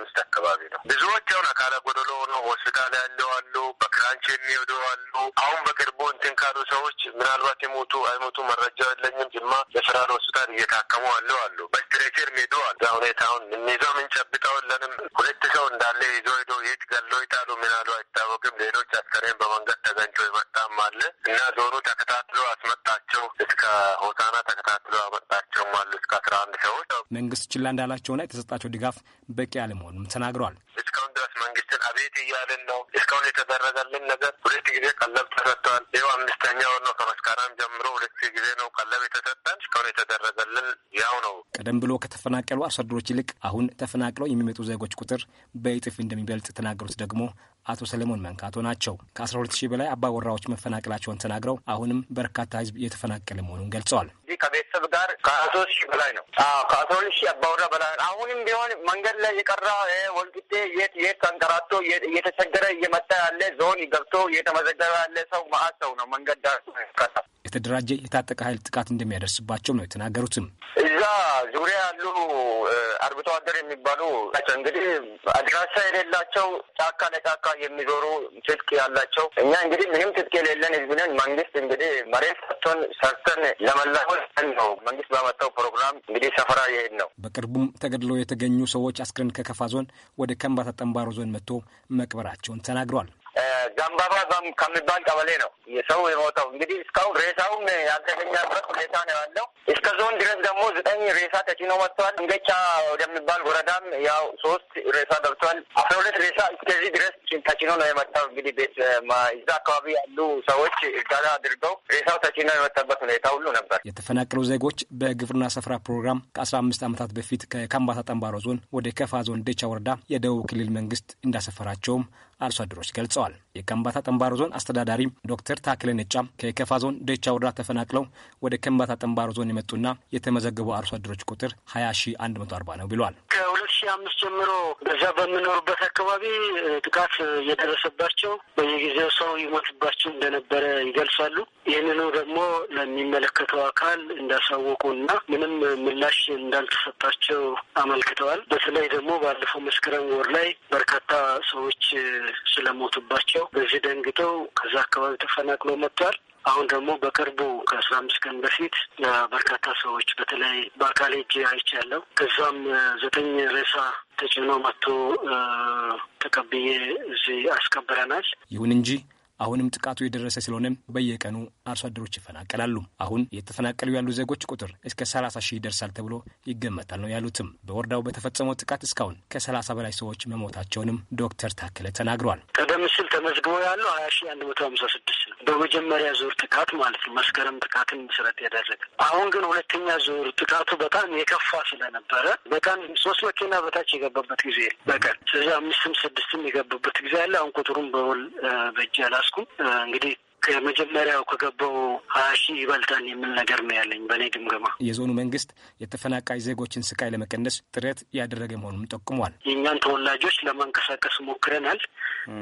አምስት አካባቢ ነው። ብዙዎች አሁን አካለ ጎደሎ ሆኖ ሆስፒታል ያለው አሉ፣ በክራንች የሚሄዱ አሉ። አሁን በቅርቡ እንትን ካሉ ሰዎች ምናልባት የሞቱ አይሞቱ መረጃ የለኝም። ጅማ የፌዴራል ሆስፒታል እየታከሙ አለው አሉ፣ በስትሬቸር ሄዱ አሉ። ሁኔታውን እንይዘው ምንጨብጠው ለንም ሁለት ሰው እንዳለ ይዞ ሄዶ የት ገሎ ይጣሉ ምናሉ አይታወቅም። ሌሎች አስከሬን በመንገድ ተገኝቶ የመጣም አለ እና ዞኑ ተከታትሎ አስመጣቸው እስከ ሆሳና ተከታትሎ አመጣቸውም አሉ እስከ አስራ አንድ ሰዎች መንግስት ችላ እንዳላቸውና የተሰጣቸው ድጋፍ በቂ አለመሆኑም ተናግሯል። እስካሁን ድረስ መንግስትን አቤት እያልን ነው። እስካሁን የተደረገልን ነገር ሁለት ጊዜ ቀለብ ተሰጥተዋል። ይኸው አምስተኛው ነው ከመስከረም ጀምሮ ሁለት ጊዜ ነው ቀለብ የተሰጠን። እስካሁን የተደረገልን ያው ነው። ቀደም ብሎ ከተፈናቀሉ አርሶ አደሮች ይልቅ አሁን ተፈናቅለው የሚመጡ ዜጎች ቁጥር በእጥፍ እንደሚበልጥ ተናገሩት ደግሞ አቶ ሰለሞን መንካቶ ናቸው። ከ12 ሺህ በላይ አባወራዎች መፈናቀላቸውን ተናግረው አሁንም በርካታ ህዝብ እየተፈናቀለ መሆኑን ገልጸዋል። እዚህ ከቤተሰብ ጋር ከሶስት ሺህ በላይ ነው። ከአስራሁለት ሺህ አባወራ በላይ አሁንም ቢሆን መንገድ ላይ የቀራ ወልቂጤ የት የት ተንከራቶ እየተቸገረ እየመጣ ያለ ዞን ገብቶ እየተመዘገበ ያለ ሰው ማአት ሰው ነው መንገድ ዳር የተደራጀ የታጠቀ ኃይል ጥቃት እንደሚያደርስባቸው ነው የተናገሩትም። እዛ ዙሪያ ያሉ አርብቶ አደር የሚባሉ እንግዲህ አድራሻ የሌላቸው ጫካ ለጫካ የሚዞሩ ትጥቅ ያላቸው እኛ እንግዲህ ምንም ትጥቅ የሌለን ህዝብ ነን። መንግስት እንግዲህ መሬት ሰጥቶን ሰርተን ለመላሆን ነው መንግስት ባመጣው ፕሮግራም እንግዲህ ሰፈራ ይሄድ ነው። በቅርቡም ተገድለው የተገኙ ሰዎች አስክሬን ከከፋ ዞን ወደ ከምባታ ጠንባሮ ዞን መጥቶ መቅበራቸውን ተናግሯል። ዘንባባ ከሚባል ቀበሌ ነው የሰው የሞተው። እንግዲህ እስካሁን ሬሳውም ድረስ ሁኔታ ነው ያለው። እስከ ዞን ድረስ ደግሞ ዘጠኝ ሬሳ ተጭኖ መጥተዋል። እንገጫ ወደሚባል ወረዳም ያው ሶስት ሬሳ ገብተዋል። አስራ ሁለት ሬሳ እስከዚህ ድረስ ተጭኖ ነው የመጣው። እንግዲህ ቤት እዛ አካባቢ ያሉ ሰዎች እርዳታ አድርገው ሬሳው ተጭኖ የመጣበት ሁኔታ ሁሉ ነበር። የተፈናቀሉ ዜጎች በግብርና ስፍራ ፕሮግራም ከአስራ አምስት ዓመታት በፊት ከካምባታ ጠንባሮ ዞን ወደ ከፋ ዞን ደቻ ወረዳ የደቡብ ክልል መንግስት እንዳሰፈራቸውም አርሶ አደሮች ገልጸዋል። የከምባታ ጠንባሮ ዞን አስተዳዳሪ ዶክተር ታክለ ነጫ ከከፋ ዞን ደቻ ወረዳ ተፈናቅለው ወደ ከምባታ ጠንባሮ ዞን የመጡና የተመዘገቡ አርሶ አደሮች ቁጥር 20140 ነው ብሏል። ከሁለት ሺህ አምስት ጀምሮ በዛ በምኖሩበት አካባቢ ጥቃት እየደረሰባቸው በየጊዜው ሰው ይሞትባቸው እንደነበረ ይገልጻሉ። ይህንኑ ደግሞ ለሚመለከተው አካል እንዳሳወቁ እና ምንም ምላሽ እንዳልተሰጣቸው አመልክተዋል። በተለይ ደግሞ ባለፈው መስከረም ወር ላይ በርካታ ሰዎች ስለሞቱባቸው በዚህ ደንግጠው ከዛ አካባቢ ተፈናቅሎ መጥቷል። አሁን ደግሞ በቅርቡ ከአስራ አምስት ቀን በፊት በርካታ ሰዎች በተለይ በአካል ሄጄ አይቻለሁ። ከዛም ዘጠኝ ሬሳ ተጭኖ መጥቶ ተቀብዬ እዚህ አስቀብረናል። ይሁን እንጂ አሁንም ጥቃቱ የደረሰ ስለሆነ በየቀኑ አርሶ አደሮች ይፈናቀላሉ። አሁን የተፈናቀሉ ያሉ ዜጎች ቁጥር እስከ 30 ሺህ ይደርሳል ተብሎ ይገመታል ነው ያሉትም። በወረዳው በተፈጸመው ጥቃት እስካሁን ከ30 በላይ ሰዎች መሞታቸውንም ዶክተር ታከለ ተናግሯል። ቀደም ሲል ተመዝግቦ ያለው 20 ሺህ 156 ነው በመጀመሪያ ዙር ጥቃት ማለት ነው። መስከረም ጥቃትን መሰረት ያደረገ አሁን ግን ሁለተኛ ዙር ጥቃቱ በጣም የከፋ ስለነበረ በጣም ሶስት መኪና በታች የገባበት ጊዜ በቀን ስለዚህ አምስትም ስድስትም የገባበት ጊዜ አለ። አሁን ቁጥሩም በውል በእጅ ያላ አልደረስኩም። እንግዲህ ከመጀመሪያው ከገባው ሀያ ሺህ ይበልጣል የሚል ነገር ነው ያለኝ በእኔ ግምገማ። የዞኑ መንግስት የተፈናቃይ ዜጎችን ስቃይ ለመቀነስ ጥረት ያደረገ መሆኑን ጠቁሟል። የእኛን ተወላጆች ለማንቀሳቀስ ሞክረናል።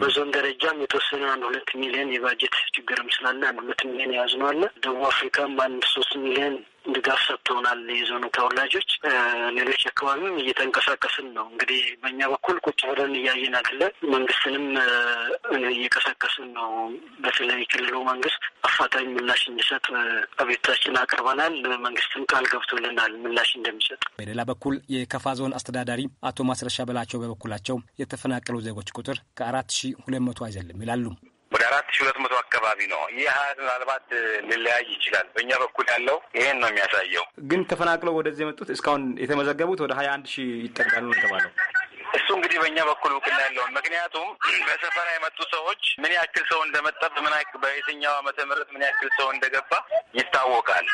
በዞን ደረጃም የተወሰነ አንድ ሁለት ሚሊዮን የባጀት ችግርም ስላለ አንድ ሁለት ሚሊዮን የያዝነው አለ። ደቡብ አፍሪካም አንድ ሶስት ሚሊዮን ድጋፍ ሰጥተውናል የዞኑ ተወላጆች። ሌሎች አካባቢም እየተንቀሳቀስን ነው። እንግዲህ በእኛ በኩል ቁጭ ብለን እያየን አለ መንግስትንም እየቀሰቀስን ነው። በተለይ ክልሉ መንግስት አፋጣኝ ምላሽ እንዲሰጥ አቤቱታችን አቅርበናል። መንግስትም ቃል ገብቶልናል ምላሽ እንደሚሰጥ። በሌላ በኩል የከፋ ዞን አስተዳዳሪ አቶ ማስረሻ በላቸው በበኩላቸው የተፈናቀሉ ዜጎች ቁጥር ከአራት ሺ ሁለት መቶ አይዘልም ይላሉ። ወደ አራት ሺ ሁለት መቶ አካባቢ ነው። ይህ ሀያት ምናልባት ሊለያይ ይችላል። በእኛ በኩል ያለው ይሄን ነው የሚያሳየው። ግን ተፈናቅለው ወደዚህ የመጡት እስካሁን የተመዘገቡት ወደ ሀያ አንድ ሺህ ይጠጋሉ ነው የተባለው። እሱ እንግዲህ በእኛ በኩል እውቅና ያለውን ምክንያቱም በሰፈራ የመጡ ሰዎች ምን ያክል ሰው እንደመጣ በምን በየትኛው ዓመተ ምህረት ምን ያክል ሰው እንደገባ ይታወቃል።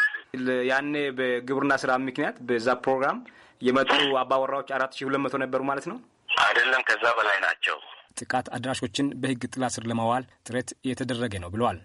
ያኔ በግብርና ስራ ምክንያት በዛ ፕሮግራም የመጡ አባወራዎች አራት ሺህ ሁለት መቶ ነበሩ ማለት ነው አይደለም? ከዛ በላይ ናቸው። ጥቃት አድራሾችን በህግ ጥላ ስር ለማዋል ጥረት የተደረገ ነው ብለዋል።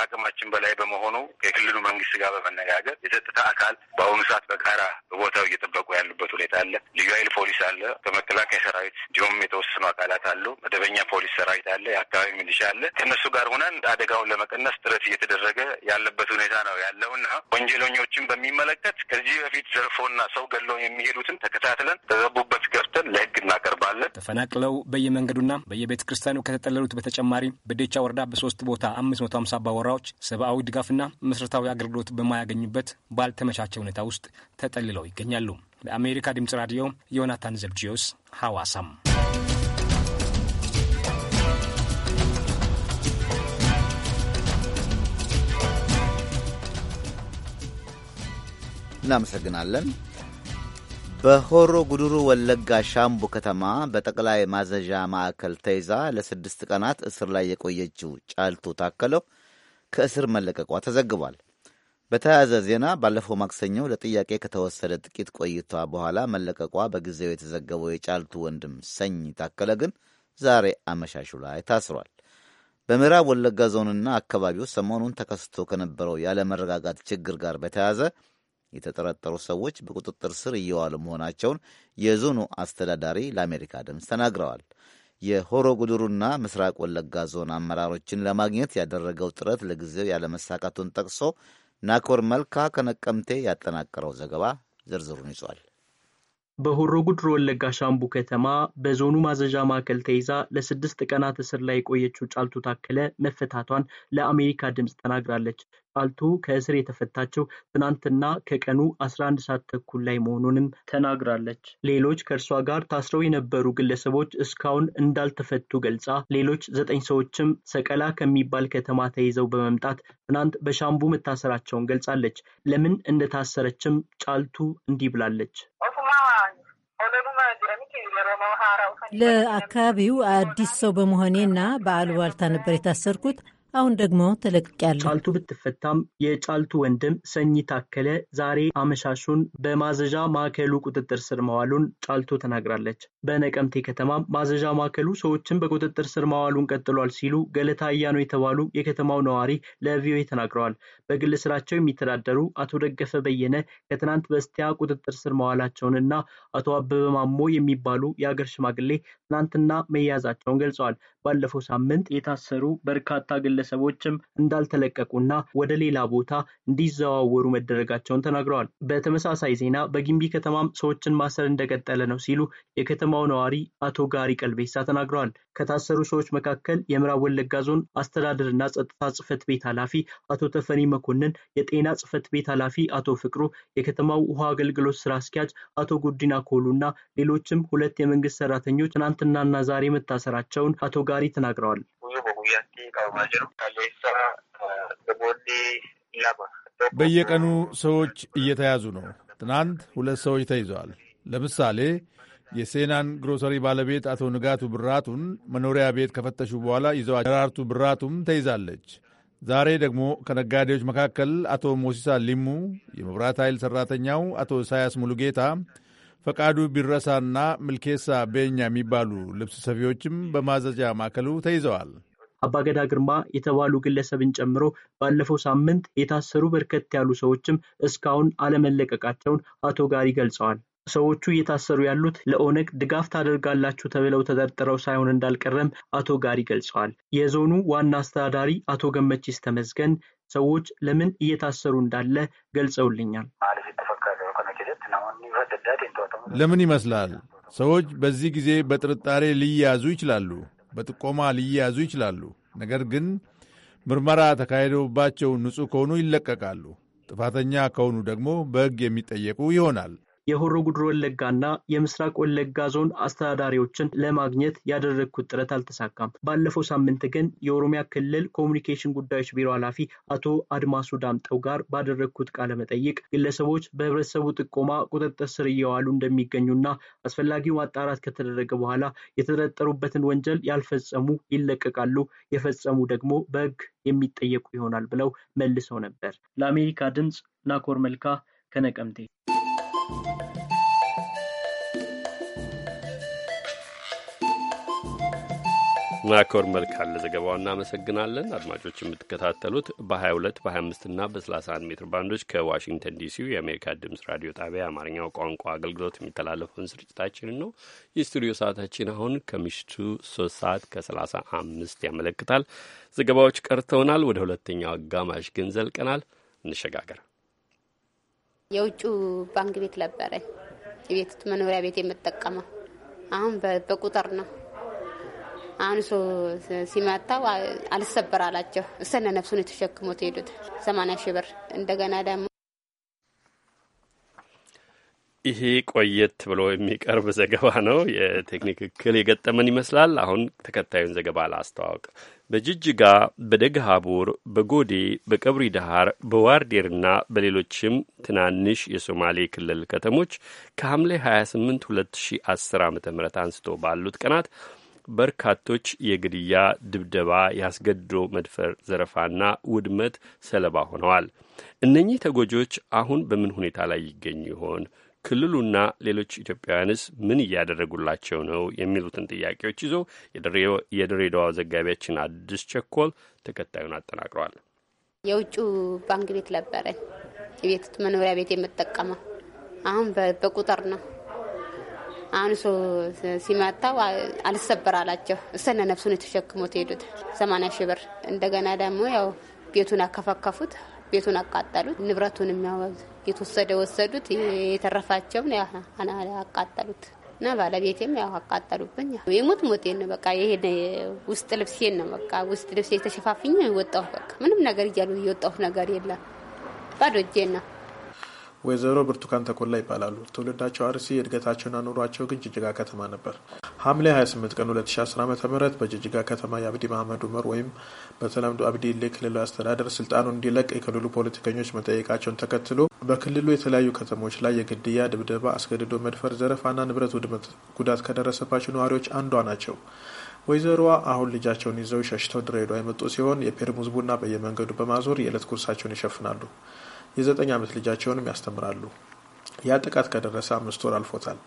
ከአቅማችን በላይ በመሆኑ ከክልሉ መንግስት ጋር በመነጋገር የጸጥታ አካል በአሁኑ ሰዓት በጋራ በቦታው እየጠበቁ ያሉበት ሁኔታ አለ። ልዩ ኃይል ፖሊስ አለ፣ ከመከላከያ ሰራዊት እንዲሁም የተወሰኑ አካላት አሉ፣ መደበኛ ፖሊስ ሰራዊት አለ፣ የአካባቢ ሚሊሻ አለ። ከእነሱ ጋር ሆነን አደጋውን ለመቀነስ ጥረት እየተደረገ ያለበት ሁኔታ ነው ያለውና ወንጀለኞችን በሚመለከት ከዚህ በፊት ዘርፎና ሰው ገለው የሚሄዱትን ተከታትለን ተዘቡበት ገብተን ለህግ እናቀርባለን። ተፈናቅለው በየመንገዱና በየቤተ ክርስቲያኑ ከተጠለሉት በተጨማሪ በዴቻ ወረዳ በሶስት ቦታ አምስት መቶ ሀምሳ አባወራ ስፍራዎች ሰብአዊ ድጋፍና መሠረታዊ አገልግሎት በማያገኙበት ባልተመቻቸ ሁኔታ ውስጥ ተጠልለው ይገኛሉ። ለአሜሪካ ድምፅ ራዲዮ ዮናታን ዘብጂዮስ ሐዋሳም እናመሰግናለን። በሆሮ ጉድሩ ወለጋ ሻምቡ ከተማ በጠቅላይ ማዘዣ ማዕከል ተይዛ ለስድስት ቀናት እስር ላይ የቆየችው ጫልቱ ታከለው ከእስር መለቀቋ ተዘግቧል። በተያያዘ ዜና ባለፈው ማክሰኞ ለጥያቄ ከተወሰደ ጥቂት ቆይቷ በኋላ መለቀቋ በጊዜው የተዘገበው የጫልቱ ወንድም ሰኝ ታከለ ግን ዛሬ አመሻሹ ላይ ታስሯል። በምዕራብ ወለጋ ዞንና አካባቢው ሰሞኑን ተከስቶ ከነበረው ያለመረጋጋት ችግር ጋር በተያያዘ የተጠረጠሩ ሰዎች በቁጥጥር ስር እየዋሉ መሆናቸውን የዞኑ አስተዳዳሪ ለአሜሪካ ድምፅ ተናግረዋል። የሆሮ ጉድሩና ምስራቅ ወለጋ ዞን አመራሮችን ለማግኘት ያደረገው ጥረት ለጊዜው ያለመሳካቱን ጠቅሶ ናኮር መልካ ከነቀምቴ ያጠናቀረው ዘገባ ዝርዝሩን ይዟል። በሆሮ ጉድሮ ወለጋ ሻምቡ ከተማ በዞኑ ማዘዣ ማዕከል ተይዛ ለስድስት ቀናት እስር ላይ የቆየችው ጫልቱ ታከለ መፈታቷን ለአሜሪካ ድምፅ ተናግራለች። ባልቱ ከእስር የተፈታችው ትናንትና ከቀኑ 11 ሰዓት ተኩል ላይ መሆኑንም ተናግራለች። ሌሎች ከእርሷ ጋር ታስረው የነበሩ ግለሰቦች እስካሁን እንዳልተፈቱ ገልጻ ሌሎች ዘጠኝ ሰዎችም ሰቀላ ከሚባል ከተማ ተይዘው በመምጣት ትናንት በሻምቡ መታሰራቸውን ገልጻለች። ለምን እንደታሰረችም ጫልቱ እንዲህ ብላለች። ለአካባቢው አዲስ ሰው በመሆኔና በአሉባልታ ነበር የታሰርኩት አሁን ደግሞ ተለቅቄያለሁ። ጫልቱ ብትፈታም የጫልቱ ወንድም ሰኝ ታከለ ዛሬ አመሻሹን በማዘዣ ማዕከሉ ቁጥጥር ስር መዋሉን ጫልቱ ተናግራለች። በነቀምቴ ከተማም ማዘዣ ማዕከሉ ሰዎችን በቁጥጥር ስር መዋሉን ቀጥሏል ሲሉ ገለታ አያኖ የተባሉ የከተማው ነዋሪ ለቪኦኤ ተናግረዋል። በግል ስራቸው የሚተዳደሩ አቶ ደገፈ በየነ ከትናንት በስቲያ ቁጥጥር ስር መዋላቸውንና አቶ አበበ ማሞ የሚባሉ የአገር ሽማግሌ ትናንትና መያዛቸውን ገልጸዋል። ባለፈው ሳምንት የታሰሩ በርካታ ግለሰቦችም እንዳልተለቀቁና ወደ ሌላ ቦታ እንዲዘዋወሩ መደረጋቸውን ተናግረዋል። በተመሳሳይ ዜና በጊምቢ ከተማም ሰዎችን ማሰር እንደቀጠለ ነው ሲሉ የከተማው ነዋሪ አቶ ጋሪ ቀልቤሳ ተናግረዋል። ከታሰሩ ሰዎች መካከል የምዕራብ ወለጋ ዞን አስተዳደርና ጸጥታ ጽህፈት ቤት ኃላፊ አቶ ተፈኒ መኮንን፣ የጤና ጽህፈት ቤት ኃላፊ አቶ ፍቅሩ፣ የከተማው ውሃ አገልግሎት ስራ አስኪያጅ አቶ ጉዲና ኮሉ እና ሌሎችም ሁለት የመንግስት ሰራተኞች ትናንትናና ዛሬ መታሰራቸውን አቶ ጋሪ ተናግረዋል። በየቀኑ ሰዎች እየተያዙ ነው። ትናንት ሁለት ሰዎች ተይዘዋል። ለምሳሌ የሴናን ግሮሰሪ ባለቤት አቶ ንጋቱ ብራቱን መኖሪያ ቤት ከፈተሹ በኋላ ይዘዋ ደራርቱ ብራቱም ተይዛለች። ዛሬ ደግሞ ከነጋዴዎች መካከል አቶ ሞሲሳ ሊሙ፣ የመብራት ኃይል ሠራተኛው አቶ ኢሳያስ ሙሉጌታ ፈቃዱ ቢረሳና ምልኬሳ ቤኛ የሚባሉ ልብስ ሰፊዎችም በማዘዣ ማዕከሉ ተይዘዋል። አባገዳ ግርማ የተባሉ ግለሰብን ጨምሮ ባለፈው ሳምንት የታሰሩ በርከት ያሉ ሰዎችም እስካሁን አለመለቀቃቸውን አቶ ጋሪ ገልጸዋል። ሰዎቹ እየታሰሩ ያሉት ለኦነግ ድጋፍ ታደርጋላችሁ ተብለው ተጠርጥረው ሳይሆን እንዳልቀረም አቶ ጋሪ ገልጸዋል። የዞኑ ዋና አስተዳዳሪ አቶ ገመቺስ ተመዝገን ሰዎች ለምን እየታሰሩ እንዳለ ገልጸውልኛል። ለምን ይመስላል? ሰዎች በዚህ ጊዜ በጥርጣሬ ሊያዙ ይችላሉ፣ በጥቆማ ሊያዙ ይችላሉ። ነገር ግን ምርመራ ተካሂዶባቸው ንጹሕ ከሆኑ ይለቀቃሉ። ጥፋተኛ ከሆኑ ደግሞ በሕግ የሚጠየቁ ይሆናል። የሆሮ ጉድሮ ወለጋና የምስራቅ ወለጋ ዞን አስተዳዳሪዎችን ለማግኘት ያደረግኩት ጥረት አልተሳካም። ባለፈው ሳምንት ግን የኦሮሚያ ክልል ኮሚኒኬሽን ጉዳዮች ቢሮ ኃላፊ አቶ አድማሱ ዳምጠው ጋር ባደረግኩት ቃለ መጠይቅ ግለሰቦች በህብረተሰቡ ጥቆማ ቁጥጥር ስር እየዋሉ እንደሚገኙና አስፈላጊው ማጣራት ከተደረገ በኋላ የተጠረጠሩበትን ወንጀል ያልፈጸሙ ይለቀቃሉ፣ የፈጸሙ ደግሞ በህግ የሚጠየቁ ይሆናል ብለው መልሰው ነበር። ለአሜሪካ ድምፅ ናኮር መልካ ከነቀምቴ ናኮር መልካ ለዘገባው እናመሰግናለን። አድማጮች የምትከታተሉት በ22 በ25 እና በ31 ሜትር ባንዶች ከዋሽንግተን ዲሲው የአሜሪካ ድምፅ ራዲዮ ጣቢያ የአማርኛው ቋንቋ አገልግሎት የሚተላለፈውን ስርጭታችንን ነው። የስቱዲዮ ሰዓታችን አሁን ከምሽቱ 3 ሰዓት ከ35 ያመለክታል። ዘገባዎች ቀርተውናል። ወደ ሁለተኛው አጋማሽ ግን ዘልቀናል። እንሸጋገር። የውጭ ባንክ ቤት ነበረ ቤት መኖሪያ ቤት የምጠቀመው አሁን በቁጥር ነው አንሶ ሲመታው አልሰበር አላቸው። እሰነ ነፍሱን የተሸክሞት ሄዱት ሰማንያ ሺህ ብር እንደገና ደግሞ ይሄ ቆየት ብሎ የሚቀርብ ዘገባ ነው። የቴክኒክ እክል የገጠመን ይመስላል። አሁን ተከታዩን ዘገባ ላስተዋውቅ። በጅጅጋ፣ በደገሃቡር፣ በጎዴ፣ በቀብሪ ዳሃር፣ በዋርዴርና በሌሎችም ትናንሽ የሶማሌ ክልል ከተሞች ከሐምሌ 28 2010 ዓ ም አንስቶ ባሉት ቀናት በርካቶች የግድያ፣ ድብደባ፣ ያስገድዶ መድፈር፣ ዘረፋና ውድመት ሰለባ ሆነዋል። እነኚህ ተጎጂዎች አሁን በምን ሁኔታ ላይ ይገኙ ይሆን? ክልሉና ሌሎች ኢትዮጵያውያንስ ምን እያደረጉላቸው ነው? የሚሉትን ጥያቄዎች ይዞ የድሬዳዋ ዘጋቢያችን አዲስ ቸኮል ተከታዩን አጠናቅረዋል። የውጭ ባንክ ቤት ነበረኝ። ቤት መኖሪያ ቤት የምጠቀመው አሁን በቁጥር ነው አንሶ ሲመታው አልሰበር አላቸው። እሰነ ነፍሱን የተሸክሞት ሄዱት። ሰማንያ ሺህ ብር እንደገና ደግሞ ያው ቤቱን አከፈከፉት። ቤቱን አቃጠሉት። ንብረቱን የሚያወዝ የተወሰደ ወሰዱት። የተረፋቸውን አቃጠሉት እና ባለቤቴም ያው አቃጠሉብኝ። የሞት ሞቴን ነው በቃ። ይሄ ውስጥ ልብሴን ነው በቃ ውስጥ ልብሴ የተሸፋፍኝ ወጣሁ። በቃ ምንም ነገር እያሉ የወጣሁት ነገር የለም ባዶ እጄን ነው ወይዘሮ ብርቱካን ተኮላ ይባላሉ። ትውልዳቸው አርሲ፣ እድገታቸውና ኑሯቸው ግን ጅጅጋ ከተማ ነበር። ሐምሌ 28 ቀን 2010 ዓ ም በጅጅጋ ከተማ የአብዲ መሐመድ ኡመር ወይም በተለምዶ አብዲ ኢሌ ክልሉ አስተዳደር ስልጣኑ እንዲለቅ የክልሉ ፖለቲከኞች መጠየቃቸውን ተከትሎ በክልሉ የተለያዩ ከተሞች ላይ የግድያ፣ ድብደባ፣ አስገድዶ መድፈር፣ ዘረፋና ንብረት ውድመት ጉዳት ከደረሰባቸው ነዋሪዎች አንዷ ናቸው። ወይዘሮዋ አሁን ልጃቸውን ይዘው ሸሽተው ድሬዳዋ የመጡ ሲሆን የፔርሙዝ ቡና በየመንገዱ በማዞር የዕለት ጉርሳቸውን ይሸፍናሉ። የዘጠኝ ዓመት ልጃቸውንም ያስተምራሉ። ያ ጥቃት ከደረሰ አምስት ወር አልፎታል።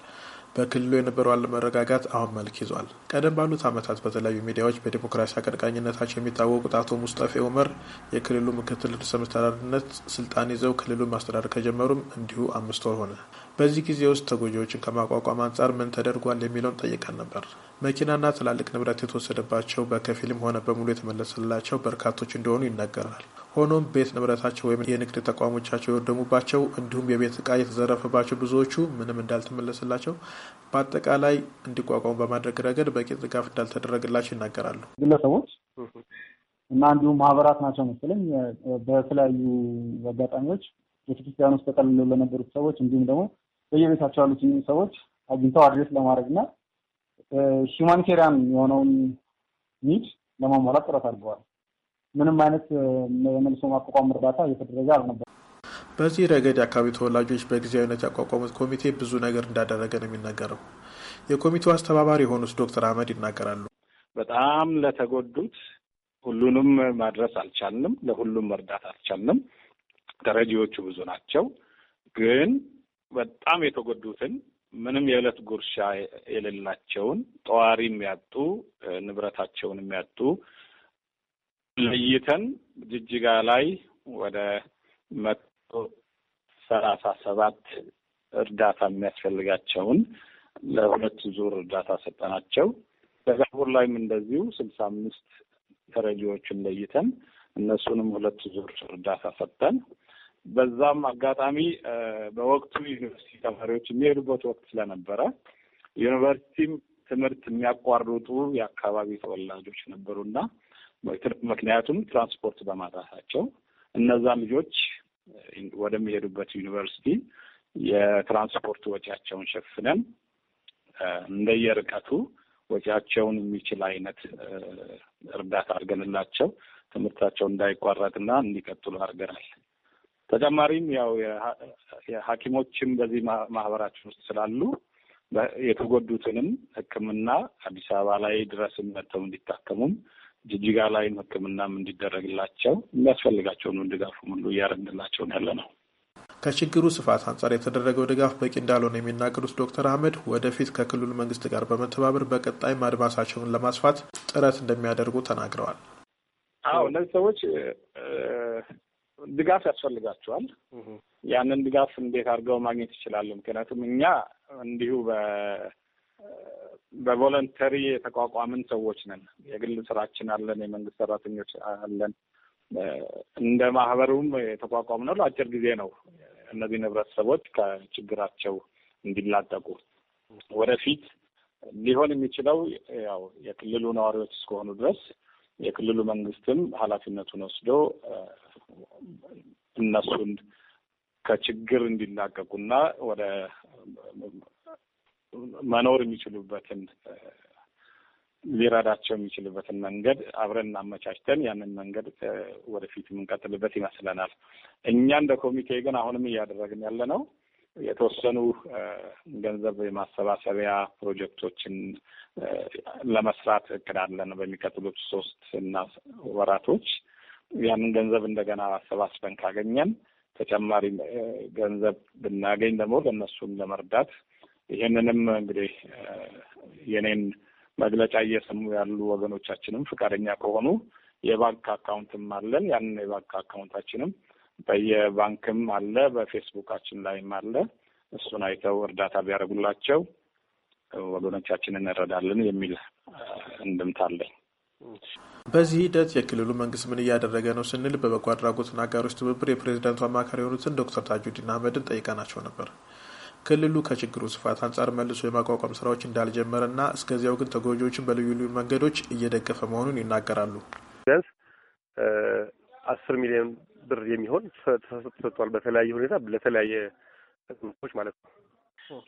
በክልሉ የነበረው አለመረጋጋት አሁን መልክ ይዟል። ቀደም ባሉት ዓመታት በተለያዩ ሚዲያዎች በዲሞክራሲ አቀንቃኝነታቸው የሚታወቁት አቶ ሙስጠፌ ኡመር የክልሉ ምክትል ርዕሰ መስተዳድርነት ስልጣን ይዘው ክልሉን ማስተዳደር ከጀመሩም እንዲሁ አምስት ወር ሆነ። በዚህ ጊዜ ውስጥ ተጎጂዎችን ከማቋቋም አንጻር ምን ተደርጓል የሚለውን ጠይቀን ነበር። መኪናና ትላልቅ ንብረት የተወሰደባቸው በከፊልም ሆነ በሙሉ የተመለሰላቸው በርካቶች እንደሆኑ ይነገራል። ሆኖም ቤት ንብረታቸው ወይም የንግድ ተቋሞቻቸው የወደሙባቸው እንዲሁም የቤት እቃ የተዘረፈባቸው ብዙዎቹ ምንም እንዳልተመለሰላቸው፣ በአጠቃላይ እንዲቋቋሙ በማድረግ ረገድ በቂ ድጋፍ እንዳልተደረገላቸው ይናገራሉ። ግለሰቦች እና እንዲሁም ማህበራት ናቸው መሰለኝ በተለያዩ አጋጣሚዎች ቤተክርስቲያን ውስጥ ተጠልለው ለነበሩት ሰዎች እንዲሁም ደግሞ በየቤታቸው ያሉት ሰዎች አግኝተው አድሬስ ለማድረግ እና ሂማኒቴሪያን የሆነውን ኒድ ለማሟላት ጥረት አድርገዋል። ምንም አይነት የመልሶ ማቋቋም እርዳታ እየተደረገ አልነበር። በዚህ ረገድ የአካባቢ ተወላጆች በጊዜያዊነት ያቋቋሙት ኮሚቴ ብዙ ነገር እንዳደረገ ነው የሚነገረው። የኮሚቴው አስተባባሪ የሆኑት ዶክተር አህመድ ይናገራሉ። በጣም ለተጎዱት ሁሉንም ማድረስ አልቻልንም፣ ለሁሉም መርዳት አልቻልንም። ተረጂዎቹ ብዙ ናቸው። ግን በጣም የተጎዱትን ምንም የዕለት ጉርሻ የሌላቸውን ጠዋሪ የሚያጡ ንብረታቸውን የሚያጡ ለይተን ጅጅጋ ላይ ወደ መቶ ሰላሳ ሰባት እርዳታ የሚያስፈልጋቸውን ለሁለት ዙር እርዳታ ሰጠናቸው። በዛቡር ላይም እንደዚሁ ስልሳ አምስት ተረጂዎችን ለይተን እነሱንም ሁለት ዙር እርዳታ ሰጠን። በዛም አጋጣሚ በወቅቱ ዩኒቨርሲቲ ተማሪዎች የሚሄዱበት ወቅት ስለነበረ ዩኒቨርሲቲም ትምህርት የሚያቋርጡ የአካባቢ ተወላጆች ነበሩና ምክንያቱም ትራንስፖርት በማጣታቸው እነዛ ልጆች ወደሚሄዱበት ዩኒቨርሲቲ የትራንስፖርት ወጪያቸውን ሸፍነን እንደየርቀቱ ወጪያቸውን የሚችል አይነት እርዳታ አድርገንላቸው ትምህርታቸውን እንዳይቋረጥና እንዲቀጥሉ አድርገናል። ተጨማሪም ያው ሐኪሞችም በዚህ ማህበራችን ውስጥ ስላሉ የተጎዱትንም ሕክምና አዲስ አበባ ላይ ድረስም መጥተው እንዲታከሙም ጅጅጋ ላይም ሕክምናም እንዲደረግላቸው የሚያስፈልጋቸውን ድጋፉም ሁሉ እያደረግንላቸውን ያለ ነው። ከችግሩ ስፋት አንጻር የተደረገው ድጋፍ በቂ እንዳልሆነ የሚናገሩት ዶክተር አህመድ ወደፊት ከክልሉ መንግስት ጋር በመተባበር በቀጣይ አድማሳቸውን ለማስፋት ጥረት እንደሚያደርጉ ተናግረዋል። አዎ እነዚህ ሰዎች ድጋፍ ያስፈልጋቸዋል። ያንን ድጋፍ እንዴት አድርገው ማግኘት ይችላሉ? ምክንያቱም እኛ እንዲሁ በቮለንተሪ የተቋቋምን ሰዎች ነን። የግል ስራችን አለን፣ የመንግስት ሰራተኞች አለን። እንደ ማህበሩም ነው ለአጭር ጊዜ ነው። እነዚህ ህብረተሰቦች ከችግራቸው እንዲላቀቁ ወደፊት ሊሆን የሚችለው ያው የክልሉ ነዋሪዎች እስከሆኑ ድረስ የክልሉ መንግስትም ኃላፊነቱን ወስዶ እነሱን ከችግር እንዲላቀቁና ወደ መኖር የሚችሉበትን ሊረዳቸው የሚችልበትን መንገድ አብረን እናመቻችተን ያንን መንገድ ወደፊት የምንቀጥልበት ይመስለናል። እኛ እንደ ኮሚቴ ግን አሁንም እያደረግን ያለ ነው የተወሰኑ ገንዘብ የማሰባሰቢያ ፕሮጀክቶችን ለመስራት እቅድ አለን። በሚቀጥሉት ሶስት እና ወራቶች ያንን ገንዘብ እንደገና አሰባስበን ካገኘን ተጨማሪ ገንዘብ ብናገኝ ደግሞ ለእነሱም ለመርዳት ይህንንም እንግዲህ የኔን መግለጫ እየሰሙ ያሉ ወገኖቻችንም ፈቃደኛ ከሆኑ የባንክ አካውንትም አለን። ያንን የባንክ አካውንታችንም በየባንክም አለ፣ በፌስቡካችን ላይም አለ። እሱን አይተው እርዳታ ቢያደርጉላቸው ወገኖቻችንን እንረዳለን የሚል እንድምታ አለኝ። በዚህ ሂደት የክልሉ መንግስት ምን እያደረገ ነው ስንል በበጎ አድራጎትና አጋሮች ትብብር የፕሬዚዳንቱ አማካሪ የሆኑትን ዶክተር ታጁዲን አህመድን ጠይቀናቸው ነበር። ክልሉ ከችግሩ ስፋት አንጻር መልሶ የማቋቋም ስራዎች እንዳልጀመረ እና እስከዚያው ግን ተጎጂዎችን በልዩ ልዩ መንገዶች እየደገፈ መሆኑን ይናገራሉ። ቢያንስ አስር ሚሊዮን ብር የሚሆን ተሰጥቷል። በተለያየ ሁኔታ ለተለያየ ህክምናዎች ማለት ነው።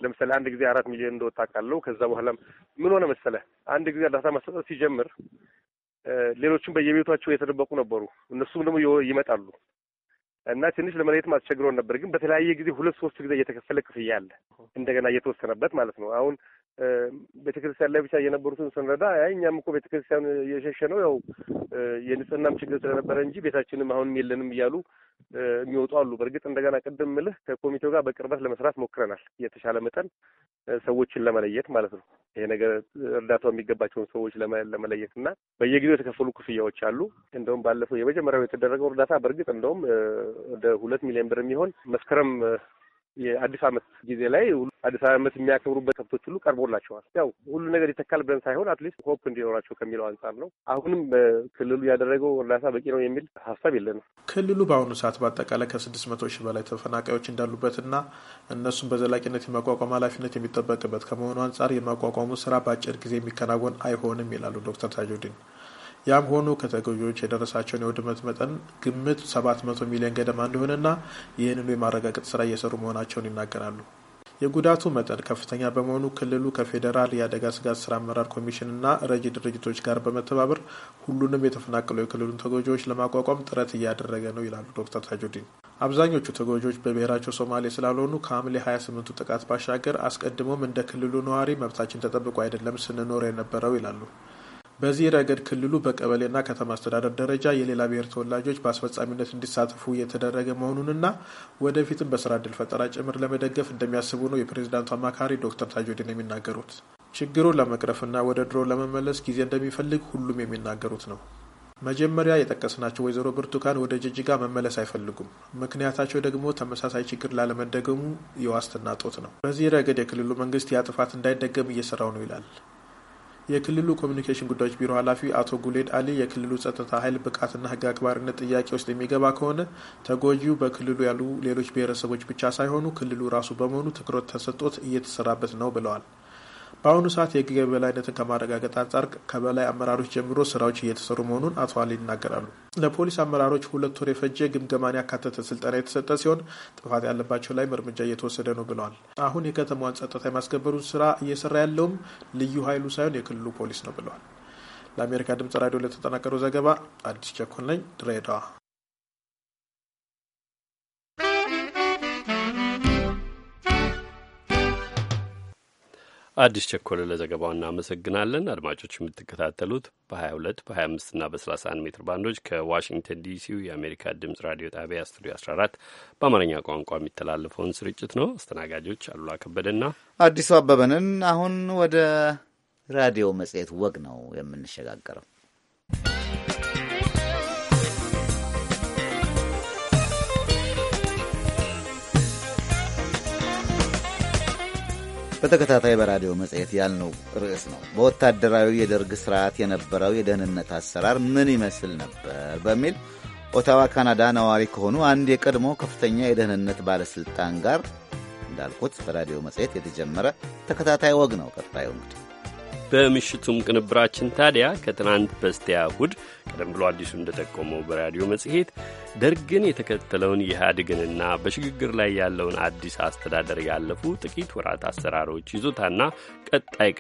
ለምሳሌ አንድ ጊዜ አራት ሚሊዮን እንደወጣ ቃለው ከዛ በኋላም ምን ሆነ መሰለ አንድ ጊዜ እርዳታ ማሰጠት ሲጀምር ሌሎችም በየቤቷቸው የተደበቁ ነበሩ። እነሱም ደግሞ ይመጣሉ እና ትንሽ ለመለየት አስቸግሮን ነበር። ግን በተለያየ ጊዜ ሁለት ሶስት ጊዜ እየተከፈለ ክፍያ አለ እንደገና እየተወሰነበት ማለት ነው። አሁን ቤተክርስቲያን ላይ ብቻ እየነበሩትን ስንረዳ አይ እኛም እኮ ቤተክርስቲያን እየሸሸ ነው ያው የንጽህናም ችግር ስለነበረ እንጂ ቤታችንም አሁንም የለንም እያሉ የሚወጡ አሉ። በእርግጥ እንደገና ቅድም ምልህ ከኮሚቴው ጋር በቅርበት ለመስራት ሞክረናል። የተሻለ መጠን ሰዎችን ለመለየት ማለት ነው። ይሄ ነገር እርዳታው የሚገባቸውን ሰዎች ለመለየት እና በየጊዜው የተከፈሉ ክፍያዎች አሉ። እንደውም ባለፈው የመጀመሪያው የተደረገው እርዳታ በእርግጥ እንደውም ወደ ሁለት ሚሊዮን ብር የሚሆን መስከረም የአዲስ ዓመት ጊዜ ላይ አዲስ አመት የሚያከብሩበት ከብቶች ሁሉ ቀርቦላቸዋል። ያው ሁሉ ነገር ይተካል ብለን ሳይሆን አትሊስት ሆፕ እንዲኖራቸው ከሚለው አንጻር ነው። አሁንም ክልሉ ያደረገው እርዳታ በቂ ነው የሚል ሀሳብ የለንም። ክልሉ በአሁኑ ሰዓት በአጠቃላይ ከስድስት መቶ ሺህ በላይ ተፈናቃዮች እንዳሉበትና እነሱም በዘላቂነት የማቋቋም ኃላፊነት የሚጠበቅበት ከመሆኑ አንጻር የማቋቋሙ ስራ በአጭር ጊዜ የሚከናወን አይሆንም ይላሉ ዶክተር ታጆዲን። ያም ሆኖ ከተጎጂዎች የደረሳቸውን የውድመት መጠን ግምት 700 ሚሊዮን ገደማ እንደሆነና ይህንኑ የማረጋገጥ ስራ እየሰሩ መሆናቸውን ይናገራሉ። የጉዳቱ መጠን ከፍተኛ በመሆኑ ክልሉ ከፌዴራል የአደጋ ስጋት ስራ አመራር ኮሚሽንና ረጂ ድርጅቶች ጋር በመተባበር ሁሉንም የተፈናቀሉ የክልሉን ተጎጂዎች ለማቋቋም ጥረት እያደረገ ነው ይላሉ ዶክተር ታጁዲን። አብዛኞቹ ተጎጂዎች በብሔራቸው ሶማሌ ስላልሆኑ ከሐምሌ 28ቱ ጥቃት ባሻገር አስቀድሞም እንደ ክልሉ ነዋሪ መብታችን ተጠብቆ አይደለም ስንኖር የነበረው ይላሉ። በዚህ ረገድ ክልሉ በቀበሌና ከተማ አስተዳደር ደረጃ የሌላ ብሔር ተወላጆች በአስፈጻሚነት እንዲሳተፉ እየተደረገ መሆኑንና ወደፊትም በስራ እድል ፈጠራ ጭምር ለመደገፍ እንደሚያስቡ ነው የፕሬዚዳንቱ አማካሪ ዶክተር ታጆዲን የሚናገሩት። ችግሩን ለመቅረፍና ወደ ድሮ ለመመለስ ጊዜ እንደሚፈልግ ሁሉም የሚናገሩት ነው። መጀመሪያ የጠቀስናቸው ወይዘሮ ብርቱካን ወደ ጅጅጋ መመለስ አይፈልጉም። ምክንያታቸው ደግሞ ተመሳሳይ ችግር ላለመደገሙ የዋስትና ጦት ነው። በዚህ ረገድ የክልሉ መንግስት ያ ጥፋት እንዳይደገም እየሰራው ነው ይላል። የክልሉ ኮሚኒኬሽን ጉዳዮች ቢሮ ኃላፊ አቶ ጉሌድ አሊ የክልሉ ጸጥታ ኃይል ብቃትና ሕግ አክባሪነት ጥያቄ ውስጥ የሚገባ ከሆነ ተጎጂው በክልሉ ያሉ ሌሎች ብሔረሰቦች ብቻ ሳይሆኑ ክልሉ ራሱ በመሆኑ ትኩረት ተሰጥቶት እየተሰራበት ነው ብለዋል። በአሁኑ ሰዓት የህግ የበላይነትን ከማረጋገጥ አንጻር ከበላይ አመራሮች ጀምሮ ስራዎች እየተሰሩ መሆኑን አቶ አሊ ይናገራሉ። ለፖሊስ አመራሮች ሁለት ወር የፈጀ ግምገማን ያካተተ ስልጠና የተሰጠ ሲሆን ጥፋት ያለባቸው ላይም እርምጃ እየተወሰደ ነው ብለዋል። አሁን የከተማዋን ጸጥታ የማስከበሩን ስራ እየሰራ ያለውም ልዩ ኃይሉ ሳይሆን የክልሉ ፖሊስ ነው ብለዋል። ለአሜሪካ ድምጽ ራዲዮ ለተጠናቀረው ዘገባ አዲስ ቸኮል ነኝ፣ ድሬዳዋ አዲስ ቸኮል ለዘገባው እናመሰግናለን። አድማጮች የምትከታተሉት በ22 በ25 እና በ31 ሜትር ባንዶች ከዋሽንግተን ዲሲው የአሜሪካ ድምጽ ራዲዮ ጣቢያ ስቱዲዮ 14 በአማርኛ ቋንቋ የሚተላለፈውን ስርጭት ነው። አስተናጋጆች አሉላ ከበደና አዲሱ አበበንን። አሁን ወደ ራዲዮ መጽሔት ወግ ነው የምንሸጋገረው። በተከታታይ በራዲዮ መጽሔት ያልነው ርዕስ ነው። በወታደራዊ የደርግ ስርዓት የነበረው የደህንነት አሰራር ምን ይመስል ነበር በሚል ኦታዋ ካናዳ ነዋሪ ከሆኑ አንድ የቀድሞ ከፍተኛ የደህንነት ባለሥልጣን ጋር እንዳልኩት በራዲዮ መጽሔት የተጀመረ ተከታታይ ወግ ነው። ቀጣዩ እንግዲህ በምሽቱም ቅንብራችን ታዲያ ከትናንት በስቲያ እሁድ ቀደም ብሎ አዲሱ እንደጠቆመው በራዲዮ መጽሔት ደርግን የተከተለውን የኢህአዴግንና በሽግግር ላይ ያለውን አዲስ አስተዳደር ያለፉ ጥቂት ወራት አሰራሮች ይዞታና ቀጣይ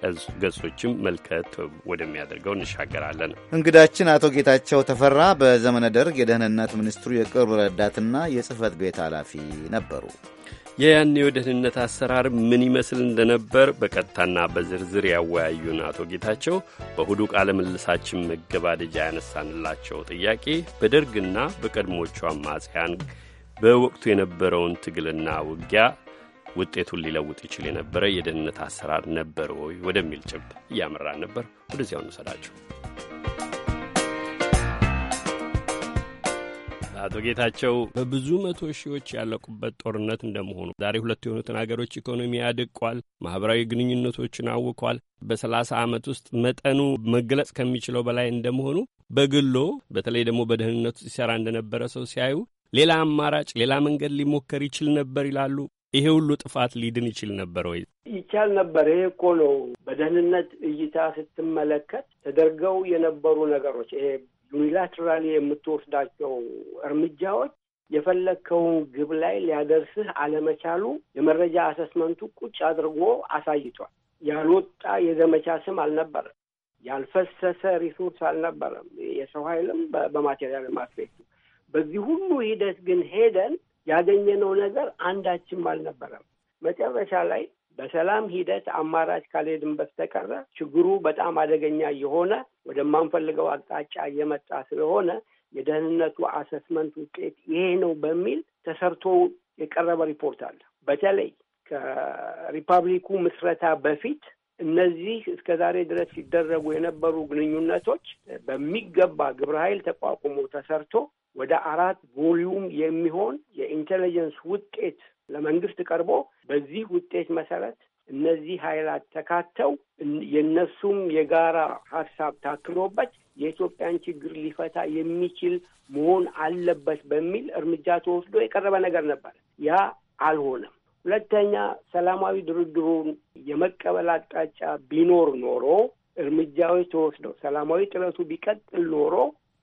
ገጾችም መልከት ወደሚያደርገው እንሻገራለን። እንግዳችን አቶ ጌታቸው ተፈራ በዘመነ ደርግ የደህንነት ሚኒስትሩ የቅርብ ረዳትና የጽህፈት ቤት ኃላፊ ነበሩ። የያኔው ደህንነት አሰራር ምን ይመስል እንደነበር በቀጥታና በዝርዝር ያወያዩን አቶ ጌታቸው በሁዱ ቃለ ምልልሳችን መገባደጃ ያነሳንላቸው ጥያቄ በደርግና በቀድሞቹ አማጽያን በወቅቱ የነበረውን ትግልና ውጊያ ውጤቱን ሊለውጥ ይችል የነበረ የደህንነት አሰራር ነበር ወይ ወደሚል ጭብ እያመራን ነበር። ወደዚያው እንውሰዳቸው። አቶ ጌታቸው በብዙ መቶ ሺዎች ያለቁበት ጦርነት እንደመሆኑ ዛሬ ሁለት የሆኑትን ሀገሮች ኢኮኖሚ አድቋል፣ ማህበራዊ ግንኙነቶችን አውቋል። በሰላሳ ዓመት ውስጥ መጠኑ መግለጽ ከሚችለው በላይ እንደመሆኑ በግሎ በተለይ ደግሞ በደህንነቱ ሲሰራ እንደነበረ ሰው ሲያዩ ሌላ አማራጭ ሌላ መንገድ ሊሞከር ይችል ነበር ይላሉ። ይሄ ሁሉ ጥፋት ሊድን ይችል ነበር ወይ? ይቻል ነበር። ይሄ እኮ ነው በደህንነት እይታ ስትመለከት ተደርገው የነበሩ ነገሮች ይሄ ዩኒላትራሊ የምትወስዳቸው እርምጃዎች የፈለግከውን ግብ ላይ ሊያደርስህ አለመቻሉ የመረጃ አሰስመንቱ ቁጭ አድርጎ አሳይቷል። ያልወጣ የዘመቻ ስም አልነበረም። ያልፈሰሰ ሪሶርስ አልነበረም። የሰው ኃይልም በማቴሪያል አስፔክቱ በዚህ ሁሉ ሂደት ግን ሄደን ያገኘነው ነገር አንዳችም አልነበረም። መጨረሻ ላይ በሰላም ሂደት አማራጭ ካልሄድን በስተቀረ ችግሩ በጣም አደገኛ የሆነ ወደማንፈልገው አቅጣጫ እየመጣ ስለሆነ የደህንነቱ አሰስመንት ውጤት ይሄ ነው በሚል ተሰርቶ የቀረበ ሪፖርት አለ። በተለይ ከሪፐብሊኩ ምስረታ በፊት እነዚህ እስከ ዛሬ ድረስ ሲደረጉ የነበሩ ግንኙነቶች በሚገባ ግብረ ኃይል ተቋቁሞ ተሰርቶ ወደ አራት ቮሊዩም የሚሆን የኢንቴሊጀንስ ውጤት ለመንግስት ቀርቦ በዚህ ውጤት መሰረት እነዚህ ኃይላት ተካተው የእነሱም የጋራ ሀሳብ ታክሎበት የኢትዮጵያን ችግር ሊፈታ የሚችል መሆን አለበት በሚል እርምጃ ተወስዶ የቀረበ ነገር ነበር። ያ አልሆነም። ሁለተኛ ሰላማዊ ድርድሩን የመቀበል አቅጣጫ ቢኖር ኖሮ እርምጃዎች ተወስደው ሰላማዊ ጥረቱ ቢቀጥል ኖሮ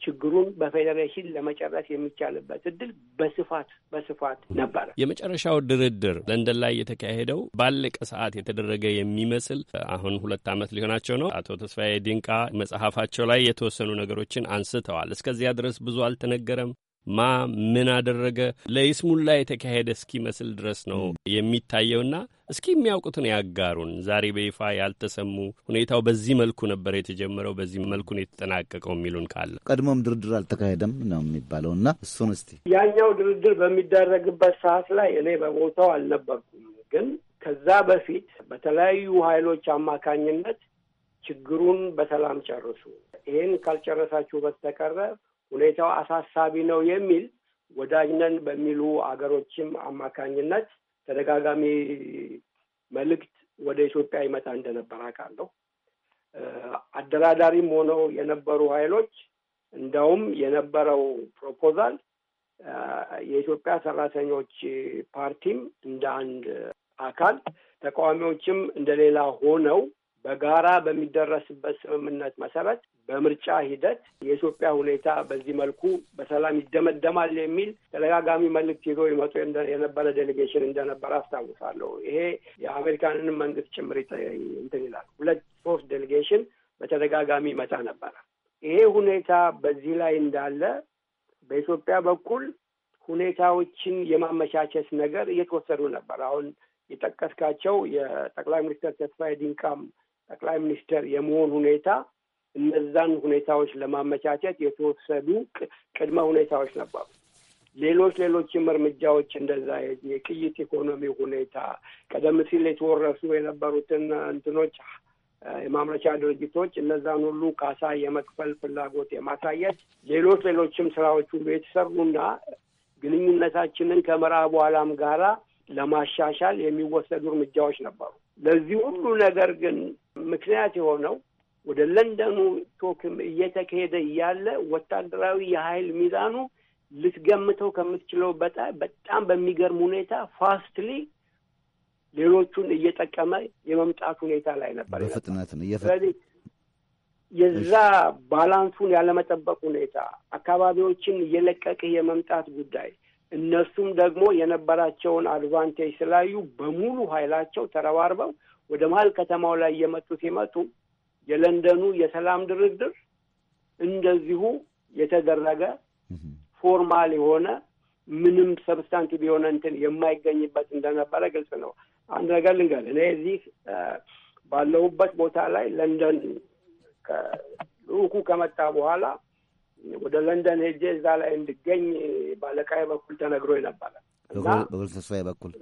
ችግሩን በፌዴሬሽን ለመጨረስ የሚቻልበት እድል በስፋት በስፋት ነበረ። የመጨረሻው ድርድር ለንደን ላይ የተካሄደው ባለቀ ሰዓት የተደረገ የሚመስል አሁን ሁለት ዓመት ሊሆናቸው ነው። አቶ ተስፋዬ ድንቃ መጽሐፋቸው ላይ የተወሰኑ ነገሮችን አንስተዋል። እስከዚያ ድረስ ብዙ አልተነገረም። ማ ምን አደረገ ለይስሙላ የተካሄደ እስኪመስል ድረስ ነው የሚታየውና እስኪ የሚያውቁትን ያጋሩን። ዛሬ በይፋ ያልተሰሙ ሁኔታው በዚህ መልኩ ነበር የተጀመረው፣ በዚህ መልኩ ነው የተጠናቀቀው የሚሉን ካለ ቀድሞም ድርድር አልተካሄደም ነው የሚባለው እና እሱን እስቲ ያኛው ድርድር በሚደረግበት ሰዓት ላይ እኔ በቦታው አልነበርኩም፣ ግን ከዛ በፊት በተለያዩ ኃይሎች አማካኝነት ችግሩን በሰላም ጨርሱ፣ ይህን ካልጨረሳችሁ በስተቀረ ሁኔታው አሳሳቢ ነው የሚል ወዳጅነን በሚሉ አገሮችም አማካኝነት ተደጋጋሚ መልእክት ወደ ኢትዮጵያ ይመጣ እንደነበር አውቃለሁ። አደራዳሪም ሆነው የነበሩ ኃይሎች እንደውም የነበረው ፕሮፖዛል የኢትዮጵያ ሰራተኞች ፓርቲም እንደ አንድ አካል ተቃዋሚዎችም እንደሌላ ሆነው በጋራ በሚደረስበት ስምምነት መሰረት በምርጫ ሂደት የኢትዮጵያ ሁኔታ በዚህ መልኩ በሰላም ይደመደማል የሚል ተደጋጋሚ መልእክት ይዞ ይመጡ የነበረ ዴሌጌሽን እንደነበረ አስታውሳለሁ። ይሄ የአሜሪካንንም መንግስት ጭምር እንትን ይላል። ሁለት ሶስት ዴሌጌሽን በተደጋጋሚ ይመጣ ነበረ። ይሄ ሁኔታ በዚህ ላይ እንዳለ በኢትዮጵያ በኩል ሁኔታዎችን የማመቻቸት ነገር እየተወሰዱ ነበር። አሁን የጠቀስካቸው የጠቅላይ ሚኒስትር ተስፋዬ ዲንቃም ጠቅላይ ሚኒስትር የመሆን ሁኔታ እነዛን ሁኔታዎች ለማመቻቸት የተወሰዱ ቅድመ ሁኔታዎች ነበሩ። ሌሎች ሌሎችም እርምጃዎች እንደዛ የቅይት ኢኮኖሚ ሁኔታ ቀደም ሲል የተወረሱ የነበሩትን እንትኖች የማምረቻ ድርጅቶች እነዛን ሁሉ ካሳ የመክፈል ፍላጎት የማሳየት ሌሎች ሌሎችም ስራዎች ሁሉ የተሰሩና ግንኙነታችንን ከምዕራቡ ዓለም ጋራ ለማሻሻል የሚወሰዱ እርምጃዎች ነበሩ። ለዚህ ሁሉ ነገር ግን ምክንያት የሆነው ወደ ለንደኑ ቶክም እየተካሄደ እያለ ወታደራዊ የኃይል ሚዛኑ ልትገምተው ከምትችለው በጣም በሚገርም ሁኔታ ፋስትሊ ሌሎቹን እየጠቀመ የመምጣት ሁኔታ ላይ ነበር። በፍጥነት ነው። ስለዚህ የዛ ባላንሱን ያለመጠበቅ ሁኔታ፣ አካባቢዎችን እየለቀቀ የመምጣት ጉዳይ እነሱም ደግሞ የነበራቸውን አድቫንቴጅ ስላዩ በሙሉ ኃይላቸው ተረባርበው ወደ መሀል ከተማው ላይ እየመጡ ሲመጡ የለንደኑ የሰላም ድርድር እንደዚሁ የተደረገ ፎርማል የሆነ ምንም ሰብስታንቲቭ የሆነ እንትን የማይገኝበት እንደነበረ ግልጽ ነው። አንድ ነገር ልንገር፣ እኔ እዚህ ባለሁበት ቦታ ላይ ለንደን ልዑኩ ከመጣ በኋላ ወደ ለንደን ሄጄ እዛ ላይ እንድገኝ ባለቃዬ በኩል ተነግሮ ነበረ እና ተስፋዬ በኩል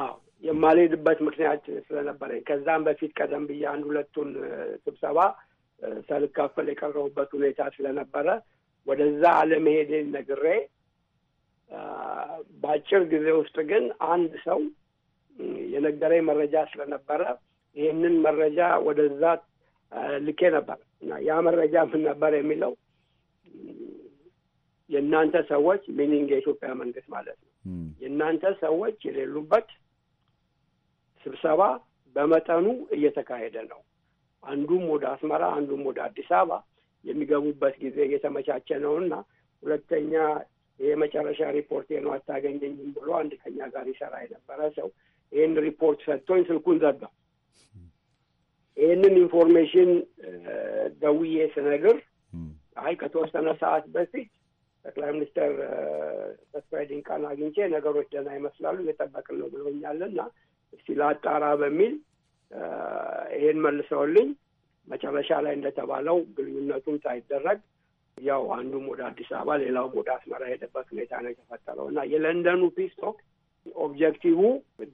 አዎ የማልሄድበት ምክንያት ስለነበረኝ ከዛም በፊት ቀደም ብዬ አንድ ሁለቱን ስብሰባ ሳልካፈል የቀረቡበት ሁኔታ ስለነበረ ወደዛ አለመሄዴን ነግሬ በአጭር ጊዜ ውስጥ ግን አንድ ሰው የነገረኝ መረጃ ስለነበረ ይህንን መረጃ ወደዛ ልኬ ነበር እና ያ መረጃ ምን ነበር የሚለው የእናንተ ሰዎች ሚኒንግ የኢትዮጵያ መንግስት ማለት ነው። የእናንተ ሰዎች የሌሉበት ስብሰባ በመጠኑ እየተካሄደ ነው። አንዱም ወደ አስመራ፣ አንዱም ወደ አዲስ አበባ የሚገቡበት ጊዜ እየተመቻቸ ነው እና ሁለተኛ የመጨረሻ ሪፖርት ነው አታገኘኝም ብሎ አንድ ከኛ ጋር ይሰራ የነበረ ሰው ይህን ሪፖርት ሰጥቶኝ ስልኩን ዘጋው። ይህንን ኢንፎርሜሽን ደውዬ ስነግር አይ ከተወሰነ ሰዓት በፊት ጠቅላይ ሚኒስትር ተስፋዬ ድንቃን አግኝቼ ነገሮች ደህና ይመስላሉ እየጠበቅን ነው ብለውኛል እና እስቲ ላጣራ በሚል ይሄን መልሰውልኝ መጨረሻ ላይ እንደተባለው ግንኙነቱም ሳይደረግ ያው አንዱም ወደ አዲስ አበባ ሌላውም ወደ አስመራ ሄደበት ሁኔታ ነው የተፈጠረው እና የለንደኑ ፒስ ቶክ ኦብጀክቲቭ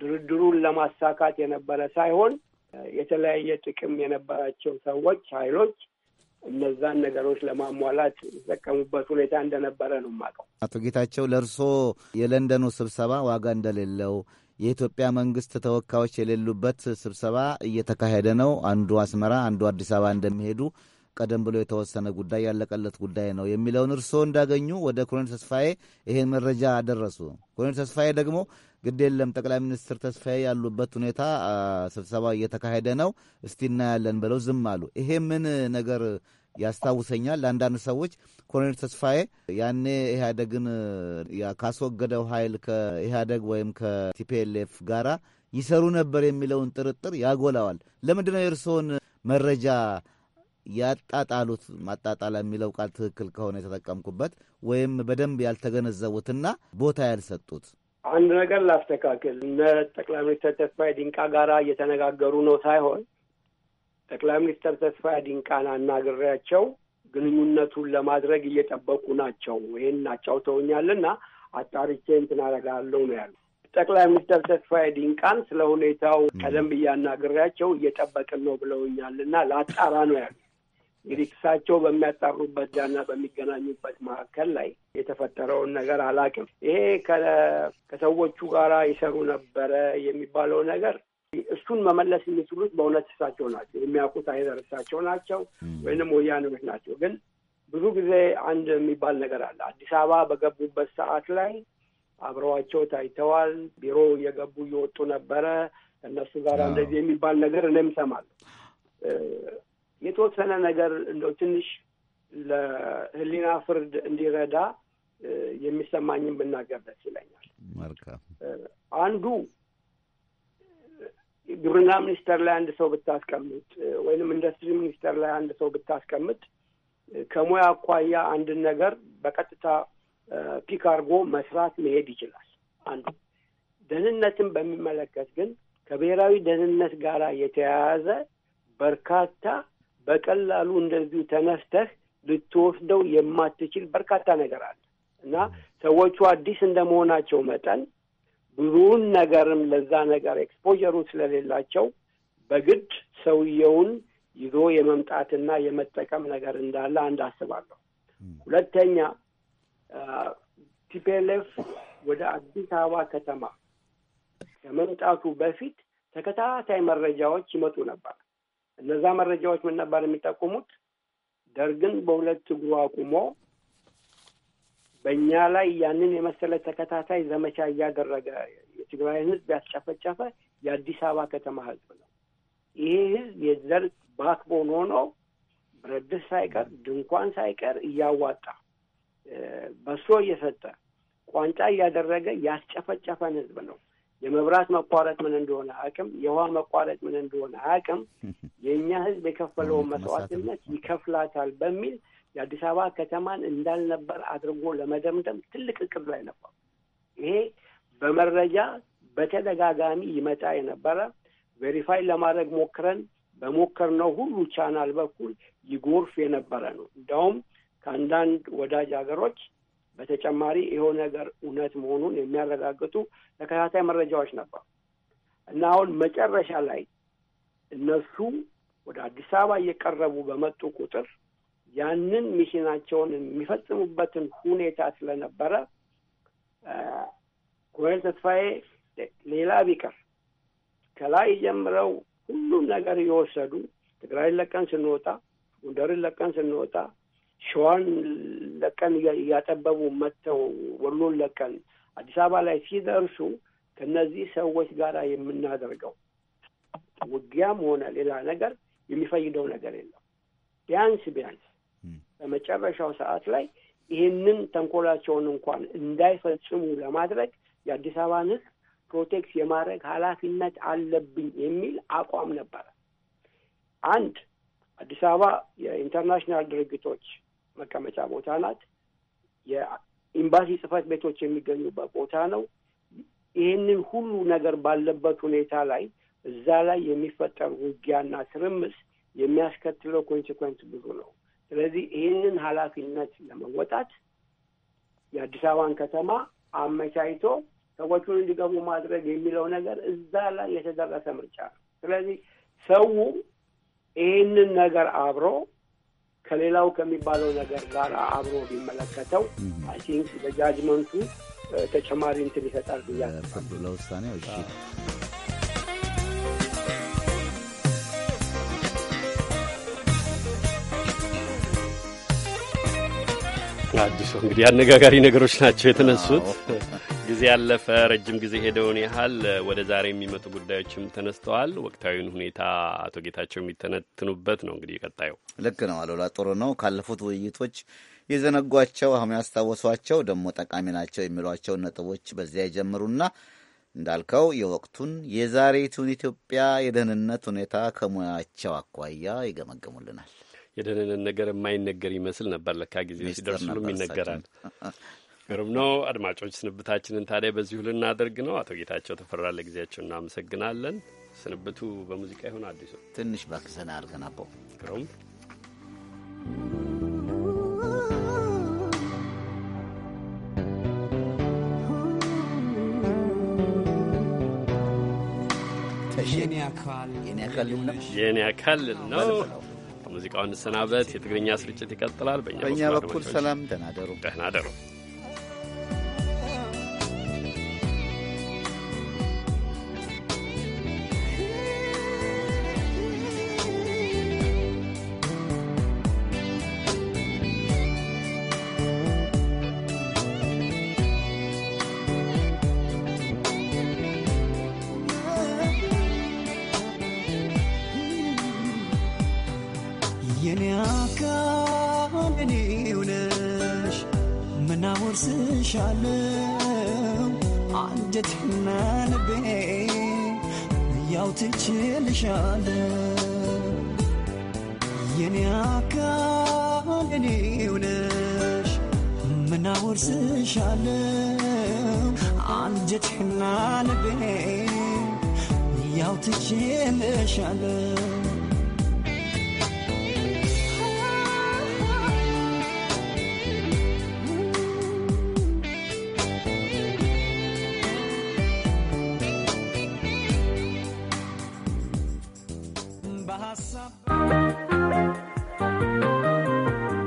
ድርድሩን ለማሳካት የነበረ ሳይሆን የተለያየ ጥቅም የነበራቸው ሰዎች ኃይሎች እነዛን ነገሮች ለማሟላት የተጠቀሙበት ሁኔታ እንደነበረ ነው የማውቀው። አቶ ጌታቸው ለእርስዎ የለንደኑ ስብሰባ ዋጋ እንደሌለው የኢትዮጵያ መንግስት ተወካዮች የሌሉበት ስብሰባ እየተካሄደ ነው። አንዱ አስመራ፣ አንዱ አዲስ አበባ እንደሚሄዱ ቀደም ብሎ የተወሰነ ጉዳይ ያለቀለት ጉዳይ ነው የሚለውን እርስዎ እንዳገኙ ወደ ኮሎኔል ተስፋዬ ይሄን መረጃ አደረሱ። ኮሎኔል ተስፋዬ ደግሞ ግድ የለም ጠቅላይ ሚኒስትር ተስፋዬ ያሉበት ሁኔታ ስብሰባ እየተካሄደ ነው፣ እስቲ እናያለን ብለው ዝም አሉ። ይሄ ምን ነገር ያስታውሰኛል። ለአንዳንድ ሰዎች ኮሎኔል ተስፋዬ ያኔ ኢህአደግን ካስወገደው ኃይል ከኢህአደግ ወይም ከቲፒኤልኤፍ ጋር ይሰሩ ነበር የሚለውን ጥርጥር ያጎላዋል። ለምንድነው የእርስዎን መረጃ ያጣጣሉት? ማጣጣላ የሚለው ቃል ትክክል ከሆነ የተጠቀምኩበት ወይም በደንብ ያልተገነዘቡትና ቦታ ያልሰጡት አንድ ነገር ላስተካክል። እነ ጠቅላይ ሚኒስትር ተስፋዬ ዲንቃ ጋር እየተነጋገሩ ነው ሳይሆን ጠቅላይ ሚኒስትር ተስፋዬ ዲንቃን አናግሬያቸው ግንኙነቱን ለማድረግ እየጠበቁ ናቸው። ይህን አጫውተውኛልና አጣርቼ እንትን አደርጋለሁ ነው ያሉ። ጠቅላይ ሚኒስትር ተስፋዬ ዲንቃን ስለ ሁኔታው ቀደም ብዬ አናግሬያቸው እየጠበቅን ነው ብለውኛልና ላጣራ ነው ያሉ። እንግዲህ እሳቸው በሚያጣሩበት ዳና በሚገናኙበት መካከል ላይ የተፈጠረውን ነገር አላውቅም። ይሄ ከሰዎቹ ጋራ ይሰሩ ነበረ የሚባለው ነገር እሱን መመለስ የሚችሉት በእውነት እሳቸው ናቸው የሚያውቁት አይዘር እሳቸው ናቸው ወይንም ወያኔዎች ናቸው። ግን ብዙ ጊዜ አንድ የሚባል ነገር አለ። አዲስ አበባ በገቡበት ሰዓት ላይ አብረዋቸው ታይተዋል። ቢሮ እየገቡ እየወጡ ነበረ። ከእነሱ ጋር እንደዚህ የሚባል ነገር እኔም እሰማለሁ። የተወሰነ ነገር እንደው ትንሽ ለህሊና ፍርድ እንዲረዳ የሚሰማኝን ብናገር ደስ ይለኛል። አንዱ ግብርና ሚኒስቴር ላይ አንድ ሰው ብታስቀምጥ ወይንም ኢንዱስትሪ ሚኒስቴር ላይ አንድ ሰው ብታስቀምጥ ከሙያ አኳያ አንድን ነገር በቀጥታ ፒክ አድርጎ መስራት መሄድ ይችላል። አንዱ ደህንነትን በሚመለከት ግን ከብሔራዊ ደህንነት ጋር የተያያዘ በርካታ በቀላሉ እንደዚሁ ተነስተህ ልትወስደው የማትችል በርካታ ነገር አለ እና ሰዎቹ አዲስ እንደመሆናቸው መጠን ብዙውን ነገርም ለዛ ነገር ኤክስፖጀሩ ስለሌላቸው በግድ ሰውየውን ይዞ የመምጣትና የመጠቀም ነገር እንዳለ አንድ አስባለሁ። ሁለተኛ ቲፒኤልኤፍ ወደ አዲስ አበባ ከተማ ከመምጣቱ በፊት ተከታታይ መረጃዎች ይመጡ ነበር። እነዛ መረጃዎች ምን ነበር የሚጠቁሙት? ደርግን በሁለት እግሩ አቁሞ በእኛ ላይ ያንን የመሰለ ተከታታይ ዘመቻ እያደረገ የትግራይን ህዝብ ያስጨፈጨፈ የአዲስ አበባ ከተማ ህዝብ ነው። ይሄ ህዝብ የዘር ባክቦን ሆኖ ብረድስ ሳይቀር ድንኳን ሳይቀር እያዋጣ በሶ እየሰጠ ቋንጫ እያደረገ ያስጨፈጨፈን ህዝብ ነው። የመብራት መቋረጥ ምን እንደሆነ አቅም፣ የውሃ መቋረጥ ምን እንደሆነ አቅም፣ የእኛ ህዝብ የከፈለውን መስዋዕትነት ይከፍላታል በሚል የአዲስ አበባ ከተማን እንዳልነበር አድርጎ ለመደምደም ትልቅ እቅድ ላይ ነበር። ይሄ በመረጃ በተደጋጋሚ ይመጣ የነበረ ቬሪፋይ ለማድረግ ሞክረን በሞከርነው ሁሉ ቻናል በኩል ይጎርፍ የነበረ ነው። እንዲያውም ከአንዳንድ ወዳጅ ሀገሮች በተጨማሪ የሆነ ነገር እውነት መሆኑን የሚያረጋግጡ ተከታታይ መረጃዎች ነበር እና አሁን መጨረሻ ላይ እነሱ ወደ አዲስ አበባ እየቀረቡ በመጡ ቁጥር ያንን ሚሽናቸውን የሚፈጽሙበትን ሁኔታ ስለነበረ ኮሎኔል ተስፋዬ ሌላ ቢቀር ከላይ ጀምረው ሁሉም ነገር እየወሰዱ ትግራይን ለቀን ስንወጣ፣ ጎንደርን ለቀን ስንወጣ፣ ሸዋን ለቀን እያጠበቡ መጥተው ወሎን ለቀን አዲስ አበባ ላይ ሲደርሱ ከነዚህ ሰዎች ጋር የምናደርገው ውጊያም ሆነ ሌላ ነገር የሚፈይደው ነገር የለም። ቢያንስ ቢያንስ በመጨረሻው ሰዓት ላይ ይህንን ተንኮላቸውን እንኳን እንዳይፈጽሙ ለማድረግ የአዲስ አበባን ሕዝብ ፕሮቴክት የማድረግ ኃላፊነት አለብኝ የሚል አቋም ነበረ። አንድ አዲስ አበባ የኢንተርናሽናል ድርጅቶች መቀመጫ ቦታ ናት። የኤምባሲ ጽህፈት ቤቶች የሚገኙበት ቦታ ነው። ይህንን ሁሉ ነገር ባለበት ሁኔታ ላይ እዛ ላይ የሚፈጠር ውጊያና ትርምስ የሚያስከትለው ኮንሲኮንስ ብዙ ነው። ስለዚህ ይህንን ኃላፊነት ለመወጣት የአዲስ አበባን ከተማ አመቻይቶ ሰዎቹን እንዲገቡ ማድረግ የሚለው ነገር እዛ ላይ የተደረሰ ምርጫ ነው። ስለዚህ ሰው ይህንን ነገር አብሮ ከሌላው ከሚባለው ነገር ጋር አብሮ ቢመለከተው አይ ቲንክ በጃጅመንቱ ተጨማሪ እንትን ይሰጣል ብያ ለውሳኔው እሺ አዲሱ እንግዲህ አነጋጋሪ ነገሮች ናቸው የተነሱት። ጊዜ ያለፈ ረጅም ጊዜ ሄደውን ያህል ወደ ዛሬ የሚመጡ ጉዳዮችም ተነስተዋል። ወቅታዊን ሁኔታ አቶ ጌታቸው የሚተነትኑበት ነው። እንግዲህ ቀጣዩ ልክ ነው። አሉላ ጥሩ ነው። ካለፉት ውይይቶች የዘነጓቸው አሁን ያስታወሷቸው ደግሞ ጠቃሚ ናቸው የሚሏቸውን ነጥቦች በዚያ ይጀምሩና እንዳልከው የወቅቱን የዛሬቱን ኢትዮጵያ የደህንነት ሁኔታ ከሙያቸው አኳያ ይገመገሙልናል። የደህንነት ነገር የማይነገር ይመስል ነበር። ለካ ጊዜ ሲደርሱሉም ይነገራል። ግሩም ነው። አድማጮች ስንብታችንን ታዲያ በዚሁ ልናደርግ ነው። አቶ ጌታቸው ተፈራ ለጊዜያቸው እናመሰግናለን። ስንብቱ በሙዚቃ ይሁን። አዲሱ ትንሽ ባክሰና አልከናቦ ግሩም የኔ አካል የኔ አካል ነው። ሙዚቃውን እንሰናበት። የትግርኛ ስርጭት ይቀጥላል። በእኛ በኩል ሰላም፣ ደህና ደሩ፣ ደህና ደሩ።